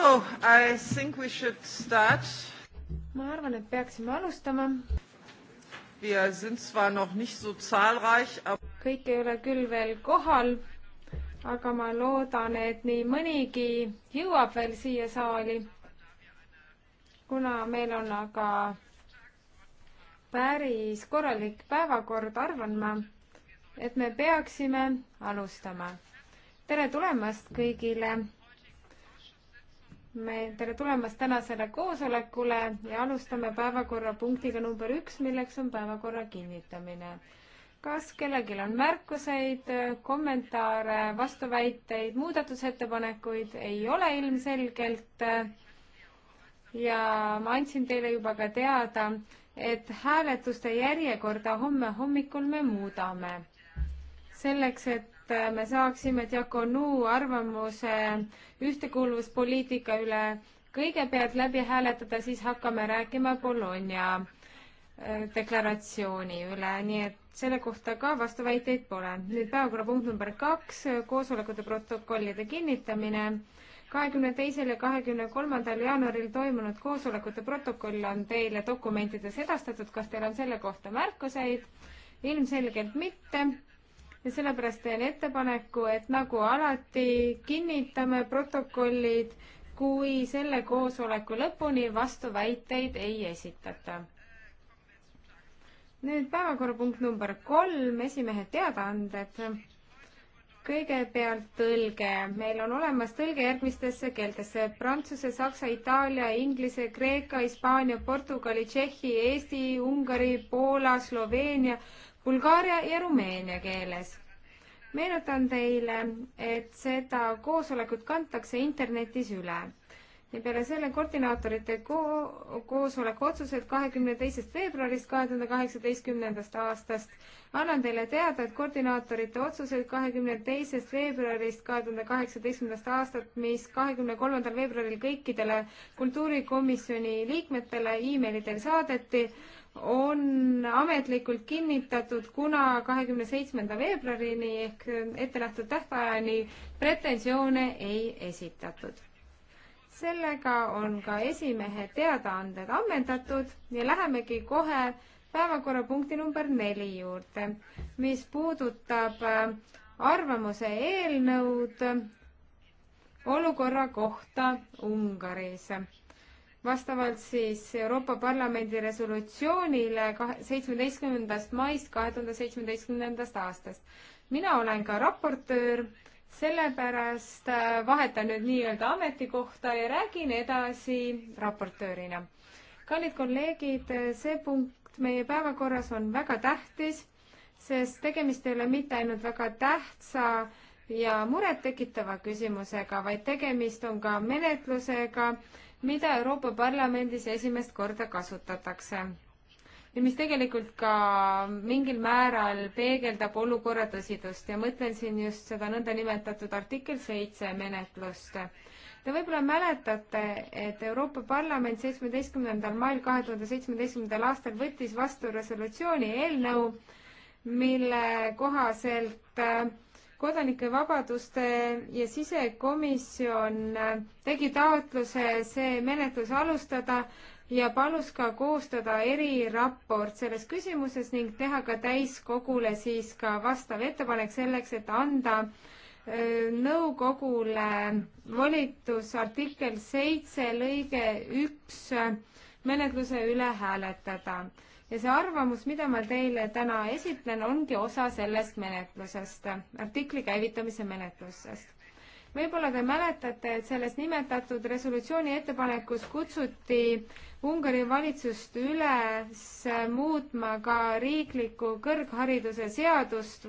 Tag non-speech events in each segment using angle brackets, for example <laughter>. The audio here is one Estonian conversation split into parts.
So I think we should start. ma arvan, et peaksime alustama. Wir sind zwar noch nicht so zahlreich, aber kõik ei ole küll veel kohal, aga ma loodan, et nii mõnigi jõuab veel siia saali. kuna meil on aga päris korralik päevakord, arvan ma, et me peaksime alustama. tere tulemast kõigile me tere tulemast tänasele koosolekule ja alustame päevakorrapunktiga number üks, milleks on päevakorra kinnitamine. kas kellelgi on märkuseid, kommentaare, vastuväiteid, muudatusettepanekuid? ei ole ilmselgelt. ja ma andsin teile juba ka teada, et hääletuste järjekorda homme hommikul me muudame selleks, et et äh, me saaksime Diakonu arvamuse ühtekuuluvuspoliitika üle kõigepealt läbi hääletada, siis hakkame rääkima Bologna äh, deklaratsiooni üle, nii et selle kohta ka vastuväiteid pole. nüüd päevakorrapunkt number kaks, äh, koosolekute protokollide kinnitamine. kahekümne teisel ja kahekümne kolmandal jaanuaril toimunud koosolekute protokoll on teile dokumentides edastatud, kas teil on selle kohta märkuseid? ilmselgelt mitte ja sellepärast teen ettepaneku, et nagu alati kinnitame protokollid, kui selle koosoleku lõpuni vastuväiteid ei esitata. nüüd päevakorrapunkt number kolm, esimehe teadaanded. kõigepealt tõlge, meil on olemas tõlge järgmistesse keeltesse prantsuse, saksa, itaalia, inglise, kreeka, hispaania, portugali, tšehhi, eesti, ungari, poola, Sloveenia, bulgaaria ja rumeenia keeles. meenutan teile, et seda koosolekut kantakse internetis üle ja peale selle koordinaatorite ko koosoleku otsused kahekümne teisest veebruarist kahe tuhande kaheksateistkümnendast aastast. annan teile teada, et koordinaatorite otsused kahekümne teisest veebruarist kahe tuhande kaheksateistkümnendast aastat, mis kahekümne kolmandal veebruaril kõikidele kultuurikomisjoni liikmetele emaili teel saadeti on ametlikult kinnitatud, kuna kahekümne seitsmenda veebruarini ehk ettenähtud tähtajani pretensioone ei esitatud. sellega on ka esimehe teadaanded ammendatud ja lähemegi kohe päevakorrapunkti number neli juurde, mis puudutab äh, arvamuse eelnõud olukorra kohta Ungaris vastavalt siis Euroopa Parlamendi resolutsioonile seitsmeteistkümnendast maist kahe tuhande seitsmeteistkümnendast aastast. mina olen ka raportöör, sellepärast äh, vahetan nüüd nii-öelda ametikohta ja räägin edasi raportöörina. kallid kolleegid, see punkt meie päevakorras on väga tähtis, sest tegemist ei ole mitte ainult väga tähtsa ja murettekitava küsimusega, vaid tegemist on ka menetlusega, mida Euroopa Parlamendis esimest korda kasutatakse ja mis tegelikult ka mingil määral peegeldab olukorra tõsidust ja mõtlen siin just seda nõndanimetatud artikkel seitse menetlust. Te võib-olla mäletate, et Euroopa Parlament seitsmeteistkümnendal mail kahe tuhande seitsmeteistkümnendal aastal võttis vastu resolutsiooni eelnõu, mille kohaselt äh, kodanike vabaduste ja sisekomisjon tegi taotluse see menetlus alustada ja palus ka koostada eriraport selles küsimuses ning teha ka täiskogule siis ka vastav ettepanek selleks, et anda nõukogule volitus artikkel seitse lõige üks menetluse üle hääletada ja see arvamus, mida ma teile täna esitlen, ongi osa sellest menetlusest, artikli käivitamise menetlusest. võib-olla te mäletate, et selles nimetatud resolutsiooni ettepanekus kutsuti Ungari valitsust üles muutma ka riiklikku kõrghariduse seadust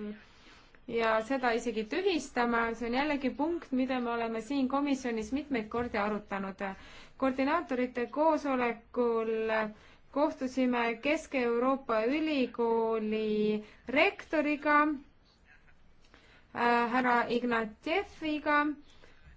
ja seda isegi tühistama, see on jällegi punkt, mida me oleme siin komisjonis mitmeid kordi arutanud. koordinaatorite koosolekul äh, kohtusime Kesk-Euroopa Ülikooli rektoriga äh,, härra Ignatjeviga.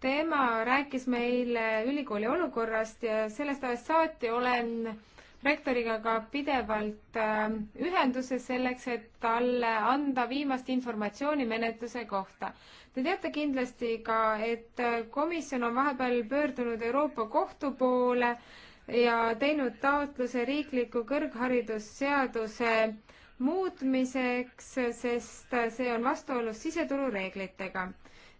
tema rääkis meile ülikooli olukorrast ja sellest ajast saati olen rektoriga ka pidevalt äh, ühenduses selleks, et talle anda viimast informatsiooni menetluse kohta. Te teate kindlasti ka, et äh, komisjon on vahepeal pöördunud Euroopa Kohtu poole äh, ja teinud taotluse riikliku kõrgharidusseaduse muutmiseks, sest see on vastuolus siseturureeglitega.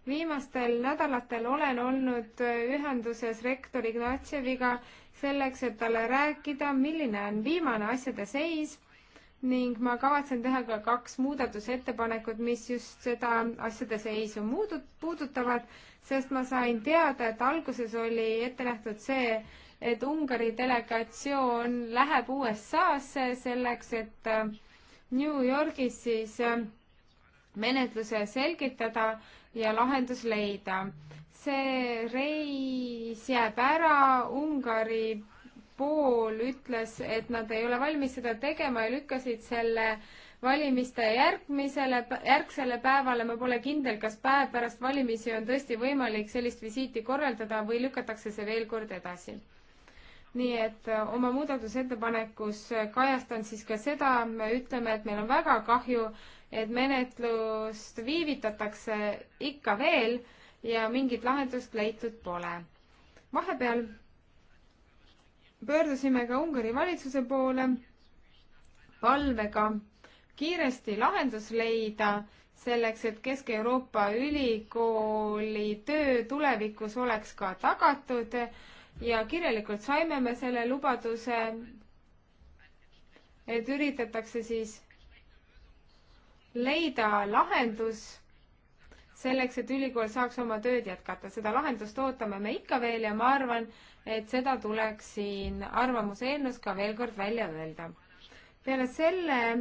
viimastel nädalatel olen olnud ühenduses rektor Ignatševiga selleks, et talle rääkida, milline on viimane asjade seis ning ma kavatsen teha ka kaks muudatusettepanekut, mis just seda asjade seisu muudut-, puudutavad, sest ma sain teada, et alguses oli ette nähtud see, et Ungari delegatsioon läheb USA-sse selleks, et äh, New Yorgis siis äh, menetluse selgitada ja lahendus leida. see reis jääb ära, Ungari pool ütles, et nad ei ole valmis seda tegema ja lükkasid selle valimiste järgmisele, järgsele päevale, ma pole kindel, kas päev pärast valimisi on tõesti võimalik sellist visiiti korraldada või lükatakse see veel kord edasi nii et äh, oma muudatusettepanekus äh, kajastan siis ka seda, me ütleme, et meil on väga kahju, et menetlust viivitatakse ikka veel ja mingit lahendust leitud pole. vahepeal pöördusime ka Ungari valitsuse poole palvega kiiresti lahendus leida selleks, et Kesk-Euroopa Ülikooli töö tulevikus oleks ka tagatud ja kirjalikult saime me selle lubaduse, et üritatakse siis leida lahendus selleks, et ülikool saaks oma tööd jätkata. seda lahendust ootame me ikka veel ja ma arvan, et seda tuleks siin arvamuse eelnõus ka veel kord välja öelda. peale selle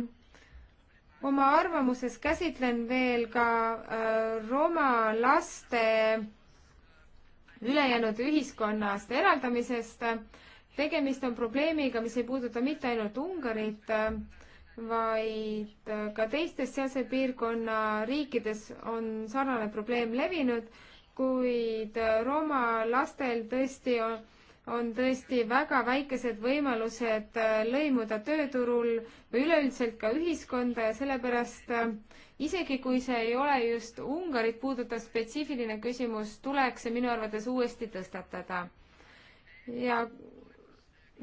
oma arvamuses käsitlen veel ka äh, roma laste äh, ülejäänud ühiskonnast eraldamisest. tegemist on probleemiga, mis ei puuduta mitte ainult Ungarit, vaid ka teistes sealse piirkonna riikides on sarnane probleem levinud, kuid Rooma lastel tõesti on, on tõesti väga väikesed võimalused lõimuda tööturul või üleüldiselt ka ühiskonda ja sellepärast äh, isegi kui see ei ole just Ungarit puudutav spetsiifiline küsimus, tuleks see minu arvates uuesti tõstatada. ja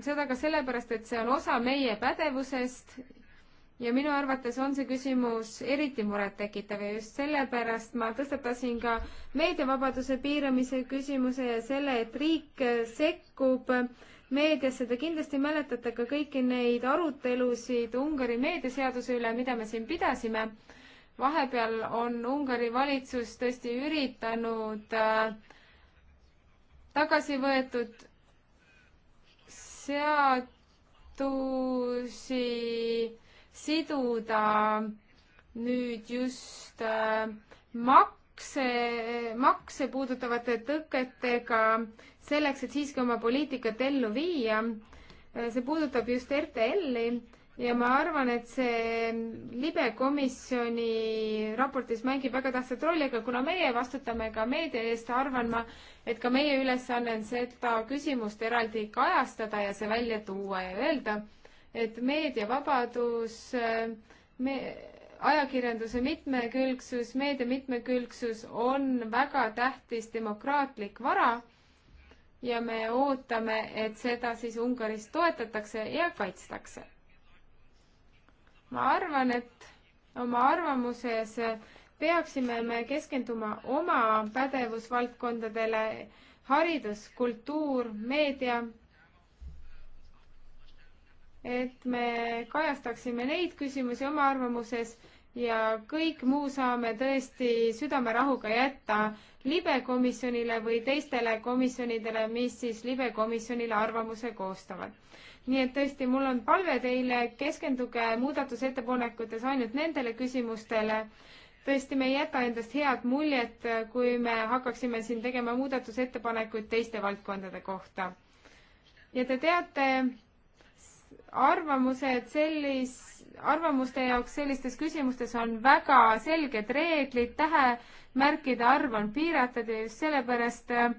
seda ka sellepärast, et see on osa meie pädevusest ja minu arvates on see küsimus eriti murettekitav ja just sellepärast ma tõstatasin ka meediavabaduse piiramise küsimuse ja selle, et riik sekkub meediasse, te kindlasti mäletate ka kõiki neid arutelusid Ungari meediaseaduse üle, mida me siin pidasime vahepeal on Ungari valitsus tõesti üritanud äh, tagasi võetud seadusi siduda nüüd just äh, makse, makse puudutavate tõketega selleks, et siiski oma poliitikat ellu viia. Äh, see puudutab just RTL-i ja ma arvan, et see libe komisjoni raportis mängib väga tähtsat rolli, aga kuna meie vastutame ka meedia eest, arvan ma, et ka meie ülesanne on seda küsimust eraldi kajastada ja see välja tuua ja öelda, et meediavabadus, me, ajakirjanduse mitmekülgsus, meedia mitmekülgsus on väga tähtis demokraatlik vara ja me ootame, et seda siis Ungaris toetatakse ja kaitstakse ma arvan, et oma arvamuses peaksime me keskenduma oma pädevusvaldkondadele, haridus, kultuur, meedia, et me kajastaksime neid küsimusi oma arvamuses ja kõik muu saame tõesti südamerahuga jätta libekomisjonile või teistele komisjonidele, mis siis libekomisjonile arvamuse koostavad nii et tõesti, mul on palve teile, keskenduge muudatusettepanekutes ainult nendele küsimustele. tõesti, me ei jäta endast head muljet, kui me hakkaksime siin tegema muudatusettepanekuid teiste valdkondade kohta. ja te teate, arvamused sellis, arvamuste jaoks sellistes küsimustes on väga selged reeglid, tähemärkide arv on piiratud ja just sellepärast äh,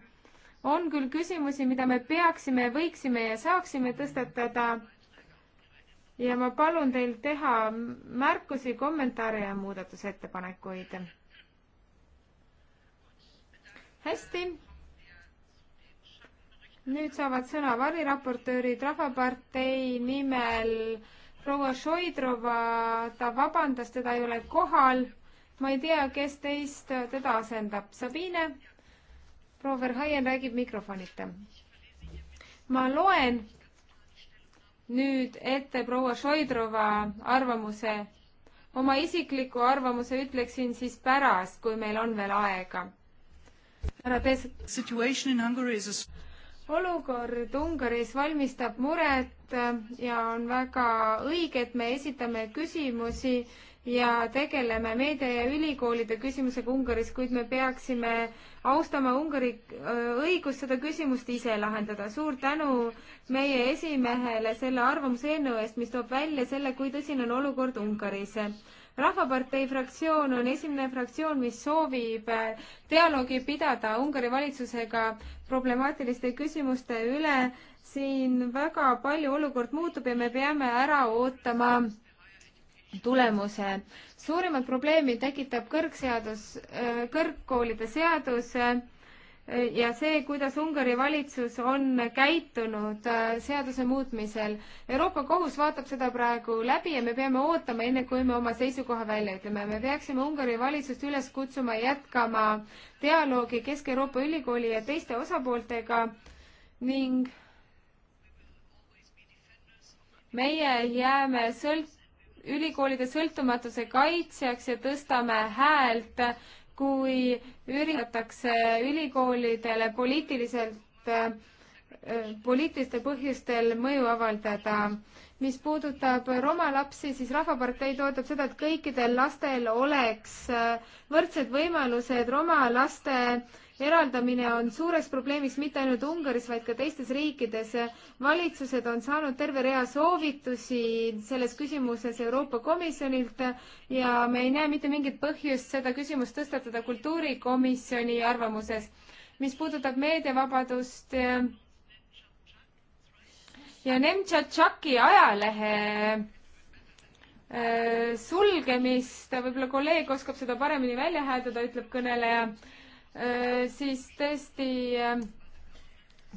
on küll küsimusi, mida me peaksime, võiksime ja saaksime tõstatada. ja ma palun teil teha märkusi, kommentaare ja muudatusettepanekuid. hästi. nüüd saavad sõna variraportöörid Rahvapartei nimel. proua Šoidrova, ta vabandas, teda ei ole kohal. ma ei tea, kes teist teda asendab. Sabine proua Verhaien räägib mikrofonita. ma loen nüüd ette proua Šoidrova arvamuse. oma isikliku arvamuse ütleksin siis pärast, kui meil on veel aega. härra Pees-. olukord Ungaris valmistab muret ja on väga õige, et me esitame küsimusi ja tegeleme meedia ja ülikoolide küsimusega Ungaris, kuid me peaksime austama Ungari õigust seda küsimust ise lahendada. suur tänu meie esimehele selle arvamuse eelnõu eest, mis toob välja selle, kui tõsine on olukord Ungaris. rahvapartei fraktsioon on esimene fraktsioon, mis soovib dialoogi pidada Ungari valitsusega problemaatiliste küsimuste üle. siin väga palju olukord muutub ja me peame ära ootama tulemuse. suurimat probleemi tekitab kõrgseadus, äh, kõrgkoolide seadus äh, ja see, kuidas Ungari valitsus on käitunud äh, seaduse muutmisel. Euroopa Kohus vaatab seda praegu läbi ja me peame ootama, enne kui me oma seisukoha välja ütleme. me peaksime Ungari valitsust üles kutsuma jätkama dialoogi Kesk-Euroopa Ülikooli ja teiste osapooltega ning meie jääme sõlt-, ülikoolide sõltumatuse kaitsjaks ja tõstame häält, kui üritatakse ülikoolidele poliitiliselt, äh, poliitilistel põhjustel mõju avaldada. mis puudutab roma lapsi, siis Rahvapartei toetab seda, et kõikidel lastel oleks äh, võrdsed võimalused roma laste eraldamine on suureks probleemiks mitte ainult Ungaris, vaid ka teistes riikides. valitsused on saanud terve rea soovitusi selles küsimuses Euroopa Komisjonilt ja me ei näe mitte mingit põhjust seda küsimust tõstatada kultuurikomisjoni arvamuses. mis puudutab meediavabadust ja Nemtšatšaki ajalehe äh, sulgemist, võib-olla kolleeg oskab seda paremini välja hääldada, ütleb kõneleja Äh, siis tõesti äh,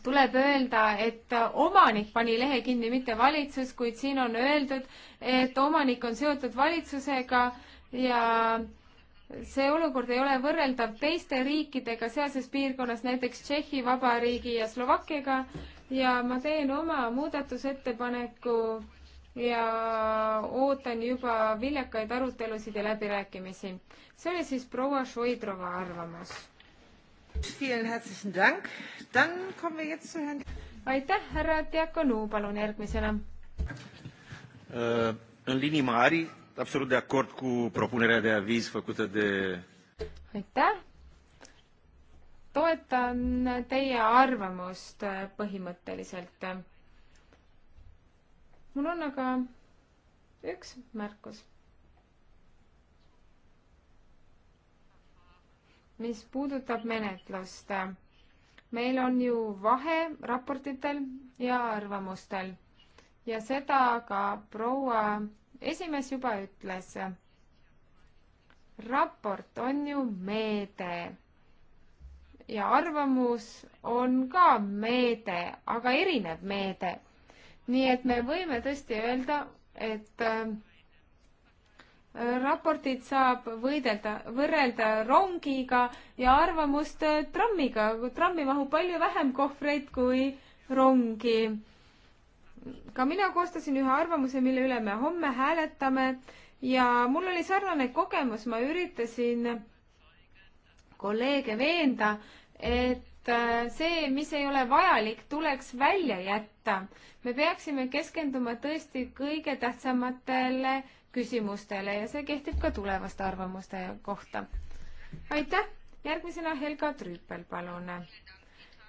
tuleb öelda, et omanik pani lehe kinni, mitte valitsus, kuid siin on öeldud, et omanik on seotud valitsusega ja see olukord ei ole võrreldav teiste riikidega sealses piirkonnas, näiteks Tšehhi Vabariigi ja Slovakkiaga ja ma teen oma muudatusettepaneku ja ootan juba viljakaid arutelusid ja läbirääkimisi. see oli siis proua Šoidrova arvamus aitäh, härra Diakonu, palun järgmisena uh,. În linii mari, absolut de acord cu propunerea de aviz făcută de... Aitäh! Toetan teie arvamust äh, põhimõtteliselt. Mul on aga üks märkus mis puudutab menetlust. meil on ju vahe raportitel ja arvamustel ja seda ka proua esimees juba ütles. raport on ju meede ja arvamus on ka meede, aga erinev meede. nii et me võime tõesti öelda, et äh, raportit saab võidelda, võrrelda rongiga ja arvamust trammiga, trammi mahub palju vähem kohvreid kui rongi. ka mina koostasin ühe arvamuse, mille üle me homme hääletame ja mul oli sarnane kogemus, ma üritasin kolleege veenda, et äh, see, mis ei ole vajalik, tuleks välja jätta. me peaksime keskenduma tõesti kõige tähtsamatele küsimustele ja see kehtib ka tulevaste arvamuste kohta. aitäh, järgmisena Helga Trüüpel, palun.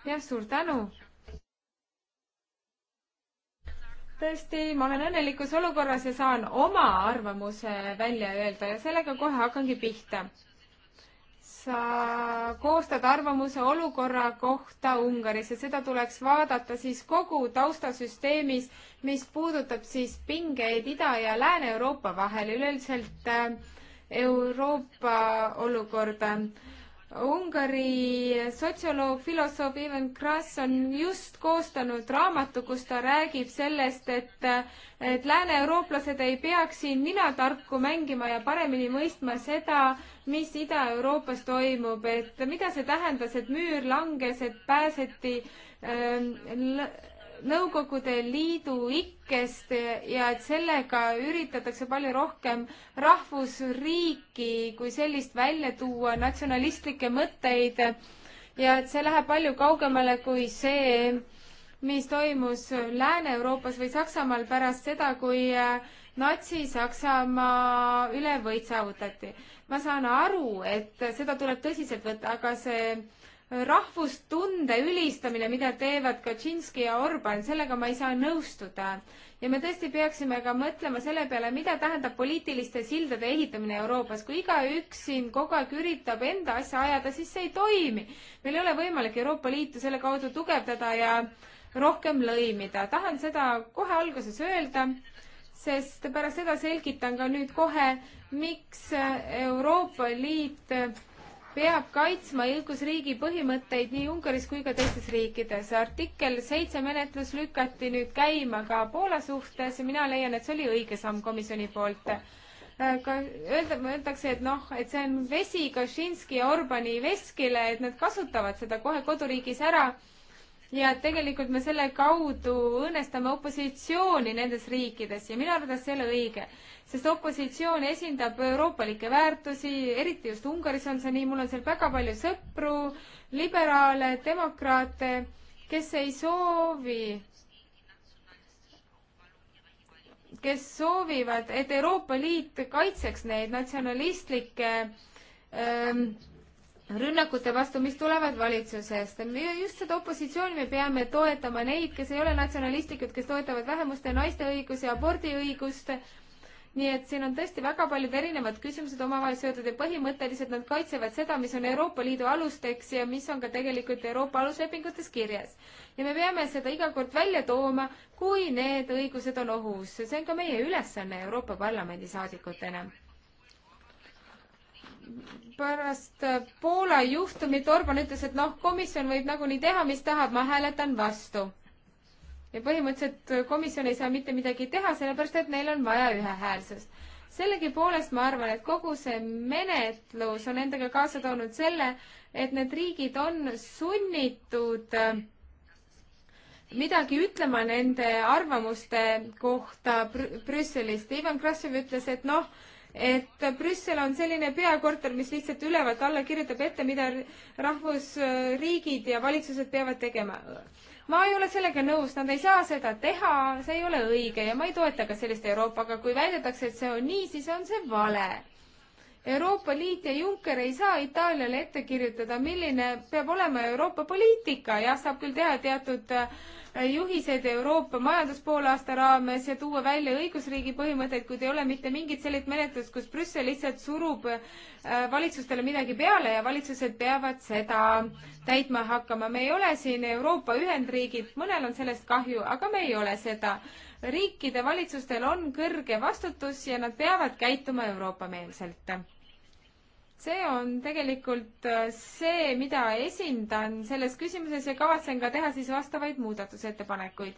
jah, suur tänu. tõesti, ma olen õnnelikus olukorras ja saan oma arvamuse välja öelda ja sellega kohe hakkangi pihta sa koostad arvamuse olukorra kohta Ungaris ja seda tuleks vaadata siis kogu taustasüsteemis, mis puudutab siis pingeid Ida- ja Lääne-Euroopa vahel, üleüldiselt äh, Euroopa olukorda Ungari sotsioloog, filosoof Ivan Kras on just koostanud raamatu, kus ta räägib sellest, et, et lääne-eurooplased ei peaks siin ninatarku mängima ja paremini mõistma seda, mis Ida-Euroopas toimub, et mida see tähendas, et müür langes, et pääseti ähm, Nõukogude Liidu ikkest ja et sellega üritatakse palju rohkem rahvusriiki kui sellist välja tuua, natsionalistlikke mõtteid ja et see läheb palju kaugemale kui see, mis toimus Lääne-Euroopas või Saksamaal pärast seda, kui äh, Natsi-Saksamaa ülevõit saavutati. ma saan aru, et seda tuleb tõsiselt võtta, aga see rahvustunde ülistamine, mida teevad Kaczynski ja Orban, sellega ma ei saa nõustuda. ja me tõesti peaksime ka mõtlema selle peale, mida tähendab poliitiliste sildade ehitamine Euroopas. kui igaüks siin kogu aeg üritab enda asja ajada, siis see ei toimi. meil ei ole võimalik Euroopa Liitu selle kaudu tugevdada ja rohkem lõimida. tahan seda kohe alguses öelda, sest pärast seda selgitan ka nüüd kohe, miks Euroopa Liit peab kaitsma õigusriigi põhimõtteid nii Ungaris kui ka teistes riikides. artikkel seitse menetlus lükati nüüd käima ka Poola suhtes ja mina leian, et see oli õige samm komisjoni poolt. Äh, ka öelda, öeldakse, et noh, et see on vesi Kaczynski ja Orbani veskile, et nad kasutavad seda kohe koduriigis ära. ja tegelikult me selle kaudu õõnestame opositsiooni nendes riikides ja minu arvates see ei ole õige sest opositsioon esindab euroopalikke väärtusi, eriti just Ungaris on see nii, mul on seal väga palju sõpru, liberaale, demokraate, kes ei soovi, kes soovivad, et Euroopa Liit kaitseks neid natsionalistlikke ähm, rünnakute vastu, mis tulevad valitsusest. just seda opositsiooni me peame toetama, neid, kes ei ole natsionalistlikud, kes toetavad vähemuste naiste õigusi, abordiõigust, nii et siin on tõesti väga paljud erinevad küsimused omavahel seotud ja põhimõtteliselt nad kaitsevad seda, mis on Euroopa Liidu alusteks ja mis on ka tegelikult Euroopa aluslepingutes kirjas. ja me peame seda iga kord välja tooma, kui need õigused on ohus. see on ka meie ülesanne Euroopa Parlamendi saadikutena. pärast Poola juhtumit Orban ütles, et noh, komisjon võib nagunii teha, mis tahab, ma hääletan vastu ja põhimõtteliselt äh, komisjon ei saa mitte midagi teha, sellepärast et neil on vaja ühehäälsust. sellegipoolest ma arvan, et kogu see menetlus on endaga kaasa toonud selle, et need riigid on sunnitud äh, midagi ütlema nende arvamuste kohta Brü Brüsselist. Ivan Krassev ütles, et noh, et Brüssel on selline peakorter, mis lihtsalt ülevalt alla kirjutab ette, mida rahvusriigid ja valitsused peavad tegema ma ei ole sellega nõus, nad ei saa seda teha, see ei ole õige ja ma ei toeta ka sellist Euroopaga, kui väidetakse, et see on nii, siis on see vale Euroopa Liit ja Juncker ei saa Itaaliale ette kirjutada, milline peab olema Euroopa poliitika, jah, saab küll teha teatud äh, juhised Euroopa majanduspoolaasta raames ja tuua välja õigusriigi põhimõtteid, kuid ei ole mitte mingit sellist menetlust, kus Brüssel lihtsalt surub äh, valitsustele midagi peale ja valitsused peavad seda täitma hakkama. me ei ole siin Euroopa Ühendriigid, mõnel on sellest kahju, aga me ei ole seda. riikide valitsustel on kõrge vastutus ja nad peavad käituma Euroopa-meelselt see on tegelikult äh, see, mida esindan selles küsimuses ja kavatsen ka teha siis vastavaid muudatusettepanekuid.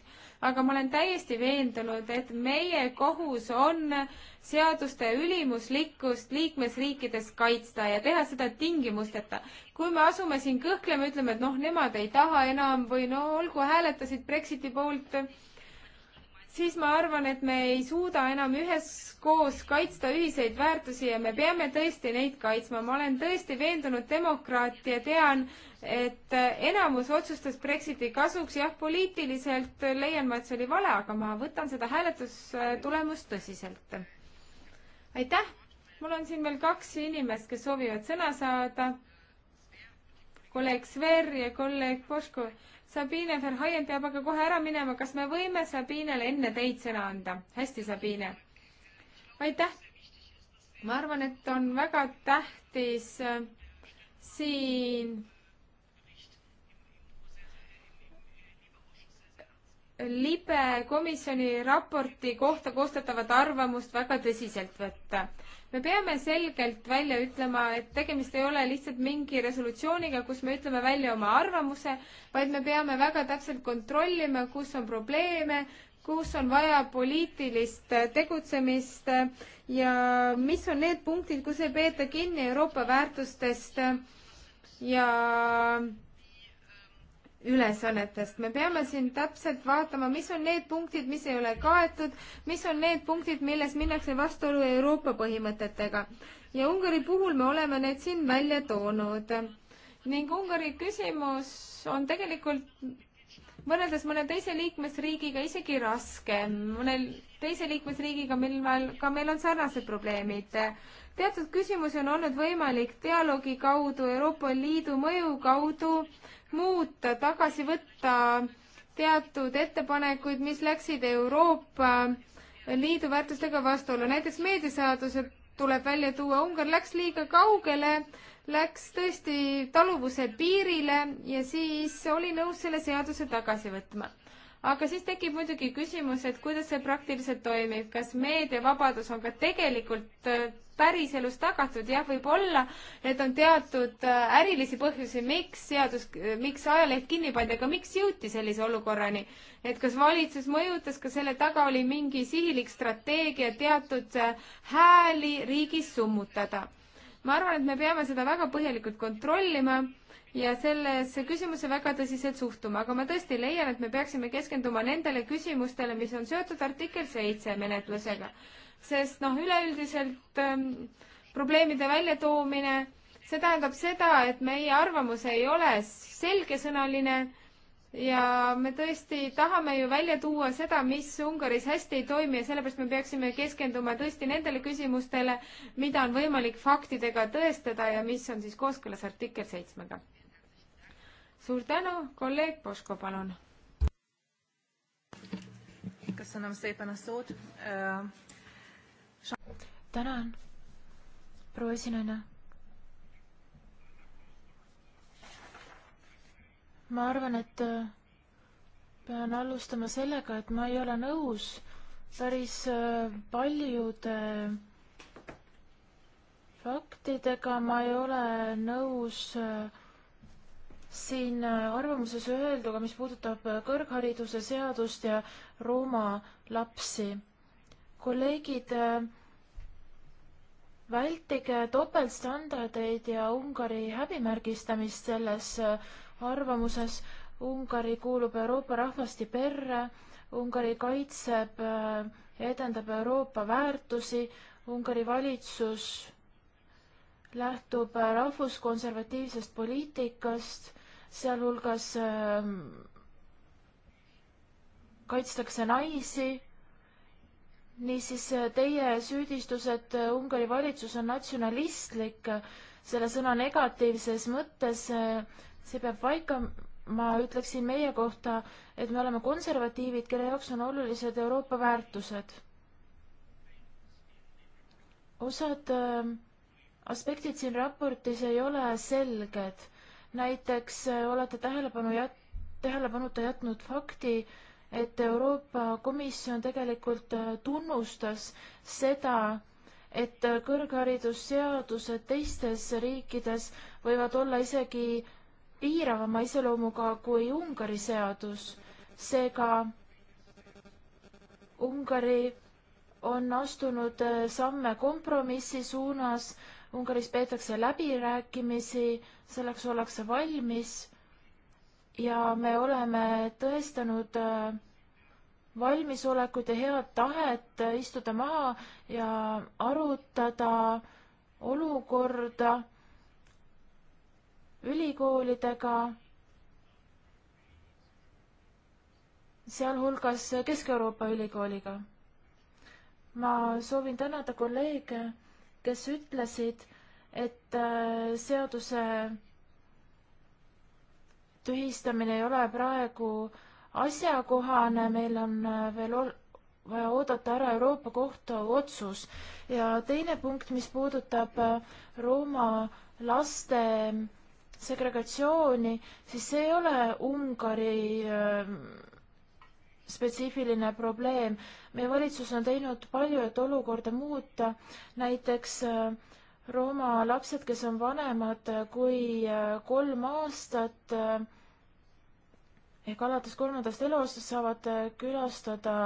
aga ma olen täiesti veendunud, et meie kohus on seaduste ülimuslikkust liikmesriikides kaitsta ja teha seda tingimusteta. kui me asume siin kõhklema, ütleme, et noh, nemad ei taha enam või no olgu, hääletasid Brexiti poolt siis ma arvan, et me ei suuda enam üheskoos kaitsta ühiseid väärtusi ja me peame tõesti neid kaitsma. ma olen tõesti veendunud demokraat ja tean, et enamus otsustas Brexiti kasuks. jah, poliitiliselt leian ma, et see oli vale, aga ma võtan seda hääletustulemust tõsiselt. aitäh! mul on siin veel kaks inimest, kes soovivad sõna saada. kolleeg Sver ja kolleeg Poško Sabine Verhaien peab aga kohe ära minema, kas me võime Sabinele enne teid sõna anda? hästi, Sabine. aitäh. ma arvan, et on väga tähtis äh, siin libe komisjoni raporti kohta koostatavat arvamust väga tõsiselt võtta me peame selgelt välja ütlema, et tegemist ei ole lihtsalt mingi resolutsiooniga, kus me ütleme välja oma arvamuse, vaid me peame väga täpselt kontrollima, kus on probleeme, kus on vaja poliitilist tegutsemist ja mis on need punktid, kus ei peeta kinni Euroopa väärtustest ja ülesannetest. me peame siin täpselt vaatama, mis on need punktid, mis ei ole kaetud, mis on need punktid, milles minnakse vastuollu Euroopa põhimõtetega. ja Ungari puhul me oleme need siin välja toonud. ning Ungari küsimus on tegelikult võrreldes mõne teise liikmesriigiga isegi raskem, mõnel teise liikmesriigiga, millal ka meil on sarnased probleemid. teatud küsimusi on olnud võimalik dialoogi kaudu, Euroopa Liidu mõju kaudu muuta, tagasi võtta teatud ettepanekuid, mis läksid Euroopa Liidu väärtustega vastuollu, näiteks meediaseaduse tuleb välja tuua, Ungar läks liiga kaugele äh, läks tõesti taluvuse piirile ja siis oli nõus selle seaduse tagasi võtma. aga siis tekib muidugi küsimus, et kuidas see praktiliselt toimib, kas meediavabadus on ka tegelikult äh, päriselus tagatud, jah, võib-olla, et on teatud äh, ärilisi põhjusi, miks seadus, äh, miks ajaleht kinni pandi, aga miks jõuti sellise olukorrani? et kas valitsus mõjutas, kas selle taga oli mingi sihilik strateegia teatud hääli riigis summutada ma arvan, et me peame seda väga põhjalikult kontrollima ja sellesse küsimusse väga tõsiselt suhtuma, aga ma tõesti leian, et me peaksime keskenduma nendele küsimustele, mis on seotud artikkel seitse menetlusega. sest noh, üleüldiselt ähm, probleemide väljatoomine, see tähendab seda, et meie arvamus ei ole selgesõnaline ja me tõesti tahame ju välja tuua seda, mis Ungaris hästi ei toimi ja sellepärast me peaksime keskenduma tõesti nendele küsimustele, mida on võimalik faktidega tõestada ja mis on siis kooskõlas artikkel seitsmega. suur tänu, kolleeg Poško, palun. tänan, proua esinaine ma arvan, et äh, pean alustama sellega, et ma ei ole nõus päris äh, paljude faktidega, ma ei ole nõus äh, siin arvamuses öelduga, mis puudutab kõrghariduse seadust ja Rooma lapsi. kolleegid, vältige topeltstandardeid ja Ungari häbimärgistamist selles arvamuses. Ungari kuulub Euroopa rahvaste perre, Ungari kaitseb ja äh, edendab Euroopa väärtusi, Ungari valitsus lähtub äh, rahvuskonservatiivsest poliitikast, sealhulgas ähm, kaitstakse naisi niisiis äh, teie süüdistus, et Ungari valitsus on natsionalistlik, selle sõna negatiivses mõttes see peab paika, ma ütleksin meie kohta, et me oleme konservatiivid, kelle jaoks on olulised Euroopa väärtused. osad ähm, aspektid siin raportis ei ole selged. näiteks äh, olete tähelepanu jät-, tähelepanuta jätnud fakti, et Euroopa Komisjon tegelikult äh, tunnustas seda, et äh, kõrgharidusseadused teistes riikides võivad olla isegi piiravama iseloomuga kui Ungari seadus, seega Ungari on astunud äh, samme kompromissi suunas, Ungaris peetakse läbirääkimisi, selleks ollakse valmis ja me oleme tõestanud äh, valmisolekut ja head tahet äh, istuda maha ja arutada olukorda ülikoolidega, sealhulgas Kesk-Euroopa ülikooliga. ma soovin tänada kolleege, kes ütlesid, et äh, seaduse tühistamine ei ole praegu asjakohane, meil on äh, veel vaja oodata ära Euroopa Kohtu otsus. ja teine punkt, mis puudutab äh, Rooma laste segregatsiooni, siis see ei ole Ungari ähm, spetsiifiline probleem. meie valitsus on teinud palju, et olukorda muuta, näiteks äh, Rooma lapsed, kes on vanemad kui äh, kolm aastat äh, ehk alates kolmandast eluaastast saavad külastada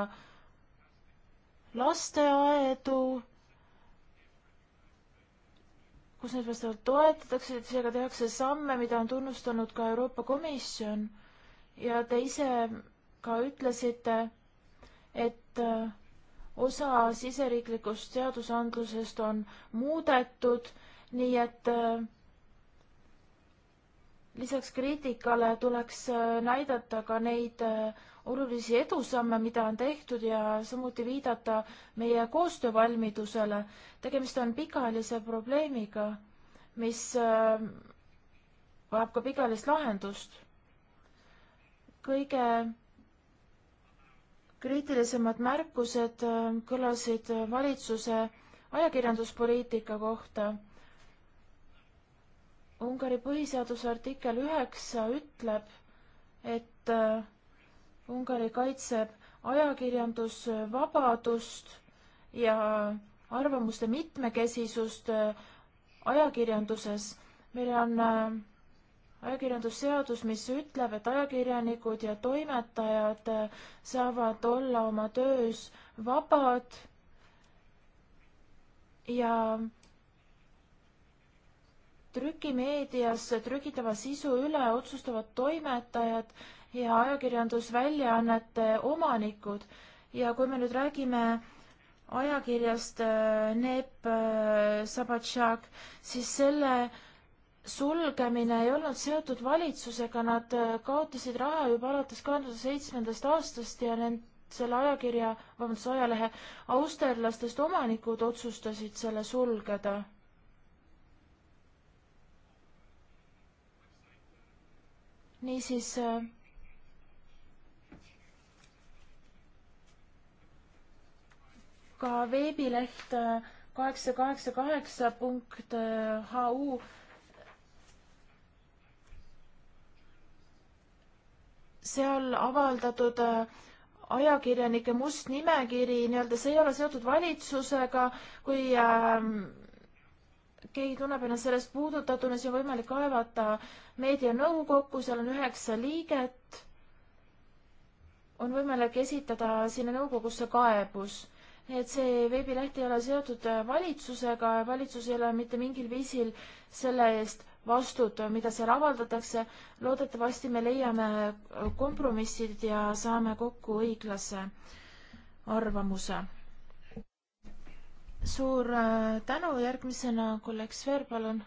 lasteaedu kus neid vastavalt toetatakse, et seega tehakse samme, mida on tunnustanud ka Euroopa Komisjon ja te ise ka ütlesite, et äh, osa siseriiklikust seadusandlusest on muudetud, nii et äh, lisaks kriitikale tuleks äh, näidata ka neid äh, olulisi edusamme, mida on tehtud ja samuti viidata meie koostöövalmidusele. tegemist on pikaajalise probleemiga, mis äh, vajab ka pikaajalist lahendust. kõige kriitilisemad märkused äh, kõlasid valitsuse ajakirjanduspoliitika kohta. Ungari põhiseaduse artikkel üheksa ütleb, et äh, Ungari kaitseb ajakirjandusvabadust ja arvamuste mitmekesisust äh, ajakirjanduses. meil on äh, ajakirjandusseadus, mis ütleb, et ajakirjanikud ja toimetajad äh, saavad olla oma töös vabad ja trükimeediasse trükitava sisu üle otsustavad toimetajad ja ajakirjandusväljaannete omanikud ja kui me nüüd räägime ajakirjast äh, Neep äh, Sabatšak, siis selle sulgemine ei olnud seotud valitsusega, nad äh, kaotasid raha juba alates kahe tuhande seitsmendast aastast ja nend-, selle ajakirja, vabandust, ajalehe austerlastest omanikud otsustasid selle sulgeda. niisiis äh, ka veebileht äh, kaheksa, kaheksa, kaheksa punkt äh, HU seal avaldatud äh, ajakirjanike must nimekiri, nii-öelda see ei ole seotud valitsusega, kui äh, keegi tunneb ennast sellest puudutatuna, siis on võimalik kaevata meedianõukokku, seal on üheksa liiget. on võimalik esitada sinna nõukogusse kaebus et see veebileht ei ole seotud äh, valitsusega ja valitsus ei ole mitte mingil viisil selle eest vastutav, mida seal avaldatakse. loodetavasti me leiame äh, kompromissid ja saame kokku õiglase arvamuse. suur äh, tänu, järgmisena kolleeg Sver, palun.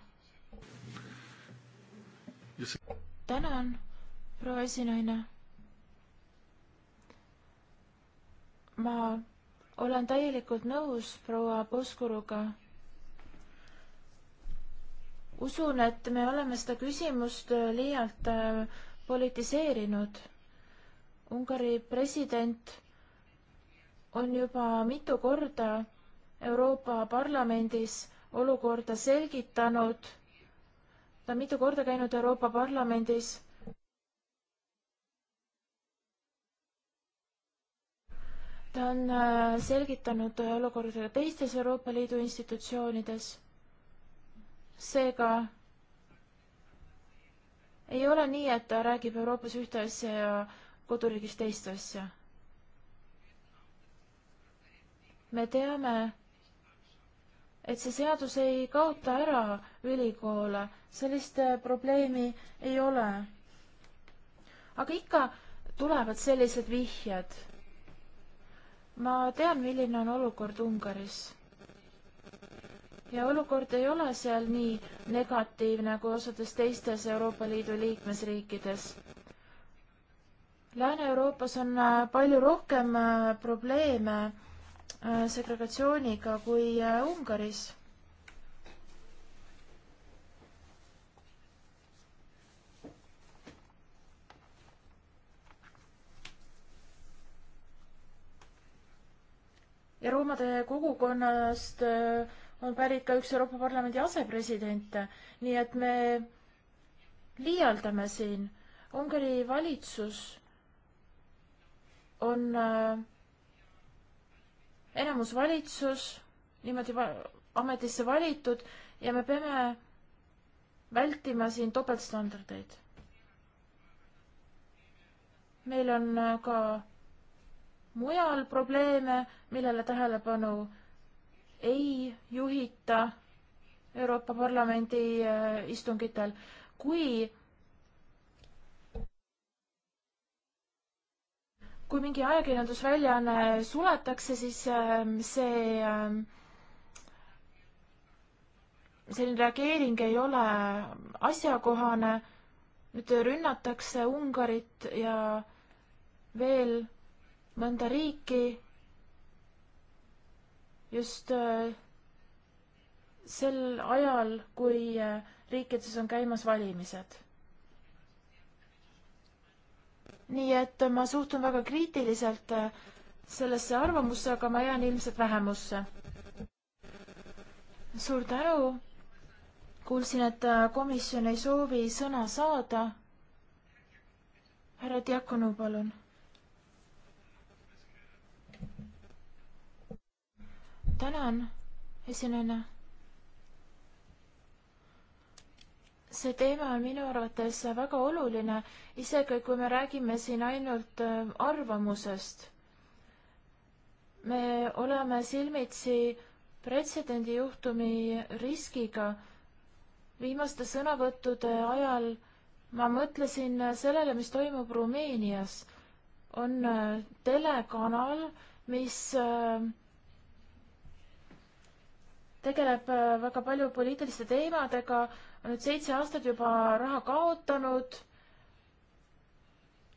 tänan, proua esinaine. ma olen täielikult nõus proua Poskuruga. usun, et me oleme seda küsimust äh, liialt äh, politiseerinud. Ungari president on juba mitu korda Euroopa Parlamendis olukorda selgitanud. ta on mitu korda käinud Euroopa Parlamendis ta on äh, selgitanud olukorda teistes Euroopa Liidu institutsioonides. seega ei ole nii, et ta räägib Euroopas ühte asja ja koduriigis teist asja. me teame, et see seadus ei kaota ära ülikoole, sellist äh, probleemi ei ole. aga ikka tulevad sellised vihjed ma tean, milline on olukord Ungaris. ja olukord ei ole seal nii negatiivne kui nagu osades teistes Euroopa Liidu liikmesriikides. Lääne-Euroopas on äh, palju rohkem äh, probleeme äh, segregatsiooniga kui Ungaris ja roomade kogukonnast äh, on pärit ka üks Euroopa Parlamendi asepresidente, nii et me liialdame siin. Ungari valitsus on äh, enamusvalitsus, niimoodi ametisse valitud ja me peame vältima siin topeltstandardeid. meil on äh, ka mujal probleeme, millele tähelepanu ei juhita Euroopa Parlamendi äh, istungitel, kui kui mingi ajakirjandusväljaanne suletakse, siis ähm, see, ähm, selline reageering ei ole asjakohane. nüüd rünnatakse Ungarit ja veel mõnda riiki just äh, sel ajal, kui äh, riikides on käimas valimised. nii et ma suhtun väga kriitiliselt äh, sellesse arvamusse, aga ma jään ilmselt vähemusse. suur tänu. kuulsin, et komisjon ei soovi sõna saada. härra Diakonu, palun tänan, esinejana. see teema on minu arvates väga oluline, isegi kui me räägime siin ainult äh, arvamusest. me oleme silmitsi pretsedendijuhtumi riskiga. viimaste sõnavõttude ajal ma mõtlesin sellele, mis toimub Rumeenias. on äh, telekanal, mis äh, tegeleb äh, väga palju poliitiliste teemadega, on nüüd seitse aastat juba raha kaotanud.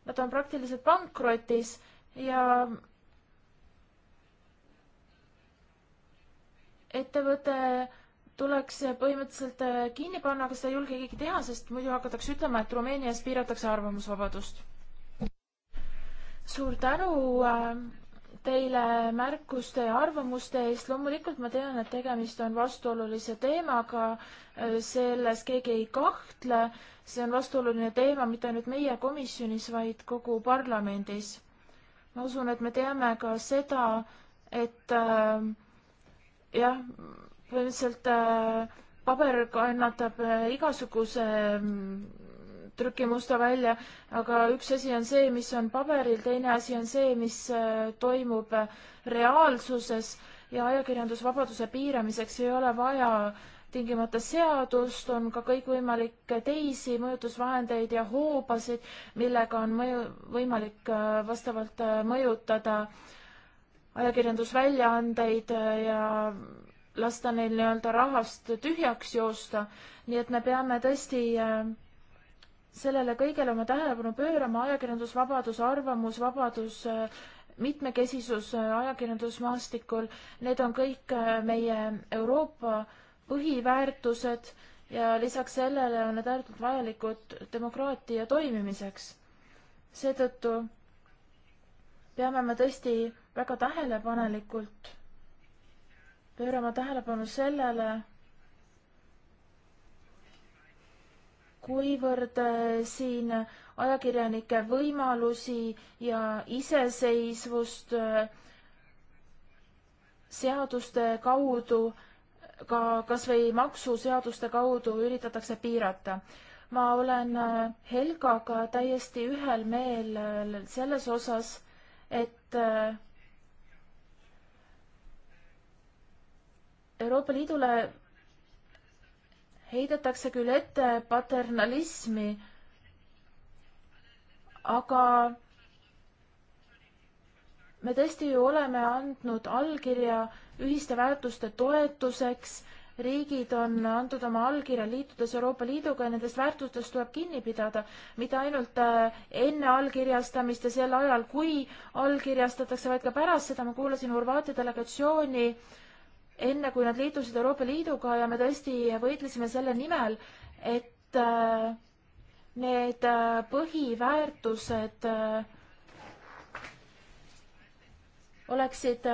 Nad on praktiliselt pankrotis ja ettevõte tuleks põhimõtteliselt äh, kinni panna, aga seda ei julge keegi teha, sest muidu hakatakse ütlema, et Rumeenias piiratakse arvamusvabadust. suur tänu äh, teile märkuste ja arvamuste eest. loomulikult ma tean, et tegemist on vastuolulise teemaga, äh, selles keegi ei kahtle. see on vastuoluline teema mitte ainult meie komisjonis, vaid kogu parlamendis. ma usun, et me teame ka seda, et äh, jah, põhimõtteliselt äh, paber kannatab äh, igasuguse mm, trükimusta välja, aga üks asi on see, mis on paberil, teine asi on see, mis äh, toimub äh, reaalsuses ja ajakirjandusvabaduse piiramiseks ei ole vaja tingimata seadust, on ka kõikvõimalikke teisi mõjutusvahendeid ja hoobasid, millega on mõju, võimalik äh, vastavalt mõjutada ajakirjandusväljaandeid ja lasta neil nii-öelda rahast tühjaks joosta. nii et me peame tõesti äh, sellele kõigele oma tähelepanu pöörama, ajakirjandusvabadus, arvamusvabadus, mitmekesisus ajakirjandusmaastikul, need on kõik äh, meie Euroopa põhiväärtused ja lisaks sellele on need ääretult vajalikud demokraatia toimimiseks. seetõttu peame me tõesti väga tähelepanelikult pöörama tähelepanu sellele, kuivõrd äh, siin ajakirjanike võimalusi ja iseseisvust äh, seaduste kaudu, ka kas või maksuseaduste kaudu üritatakse piirata. ma olen äh, Helgaga täiesti ühel meelel selles osas, et Euroopa Liidule heidetakse küll ette paternalismi, aga me tõesti ju oleme andnud allkirja ühiste väärtuste toetuseks, riigid on andnud oma allkirja liitudes Euroopa Liiduga ja nendest väärtustest tuleb kinni pidada, mitte ainult äh, enne allkirjastamist ja sel ajal, kui allkirjastatakse, vaid ka pärast seda. ma kuulasin Horvaatia delegatsiooni äh, enne, kui nad liitusid Euroopa Liiduga ja me tõesti võitlesime selle nimel, et äh, need äh, põhiväärtused äh, oleksid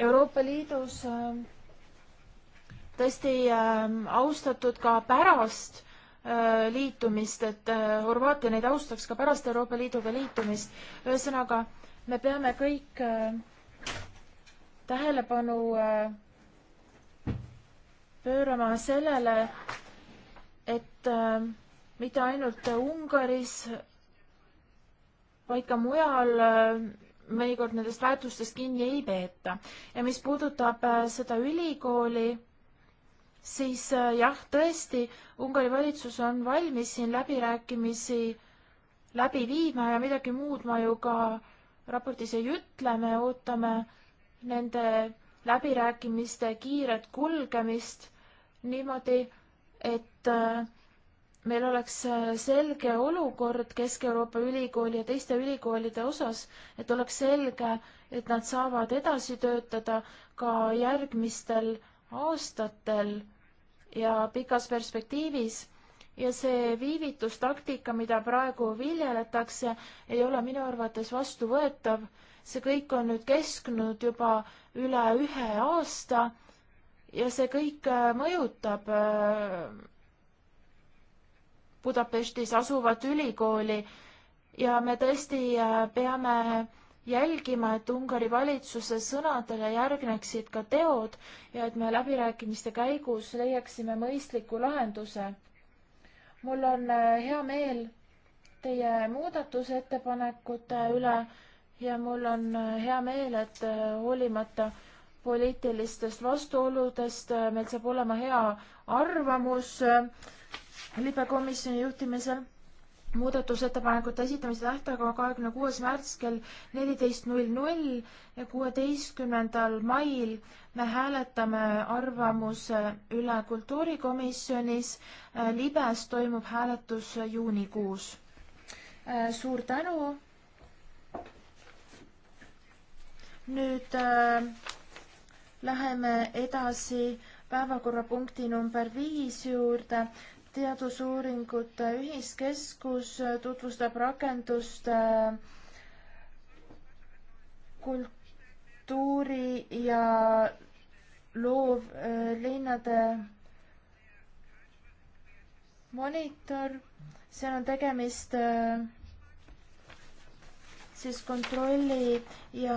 Euroopa Liidus tõesti austatud ka pärast liitumist, et Horvaatia neid austaks ka pärast Euroopa Liiduga liitumist. ühesõnaga, me peame kõik äh, tähelepanu äh, pöörama sellele, et äh, mitte ainult Ungaris, vaid ka mujal äh, mõnikord nendest väärtustest kinni ei peeta. ja mis puudutab seda ülikooli, siis jah, tõesti, Ungari valitsus on valmis siin läbirääkimisi läbi viima ja midagi muud ma ju ka raportis ei ütle, me ootame äh, nende läbirääkimiste kiiret kulgemist niimoodi, et äh, meil oleks äh, selge olukord Kesk-Euroopa Ülikooli ja teiste ülikoolide osas, et oleks selge, et nad saavad edasi töötada ka järgmistel aastatel ja pikas perspektiivis. ja see viivitustaktika, mida praegu viljeletakse, ei ole minu arvates vastuvõetav see kõik on nüüd kesknud juba üle ühe aasta ja see kõik äh, mõjutab äh, Budapestis asuvat ülikooli ja me tõesti äh, peame jälgima, et Ungari valitsuse sõnadele järgneksid ka teod ja et me läbirääkimiste käigus leiaksime mõistliku lahenduse. mul on hea meel teie muudatusettepanekute üle ja mul on äh, hea meel, et äh, hoolimata poliitilistest vastuoludest äh, meil saab olema hea arvamus libekomisjoni juhtimisel muudatusettepanekute esitamise tähtaeg on kahekümne kuues märts kell neliteist null null ja kuueteistkümnendal mail me hääletame arvamuse üle kultuurikomisjonis. libes toimub hääletus juunikuus. suur tänu nüüd äh, läheme edasi päevakorrapunkti number viis juurde. teadusuuringute ühiskeskus tutvustab rakendust äh, kultuuri ja loovlinnade äh, monitor. seal on tegemist äh, siis kontrolli ja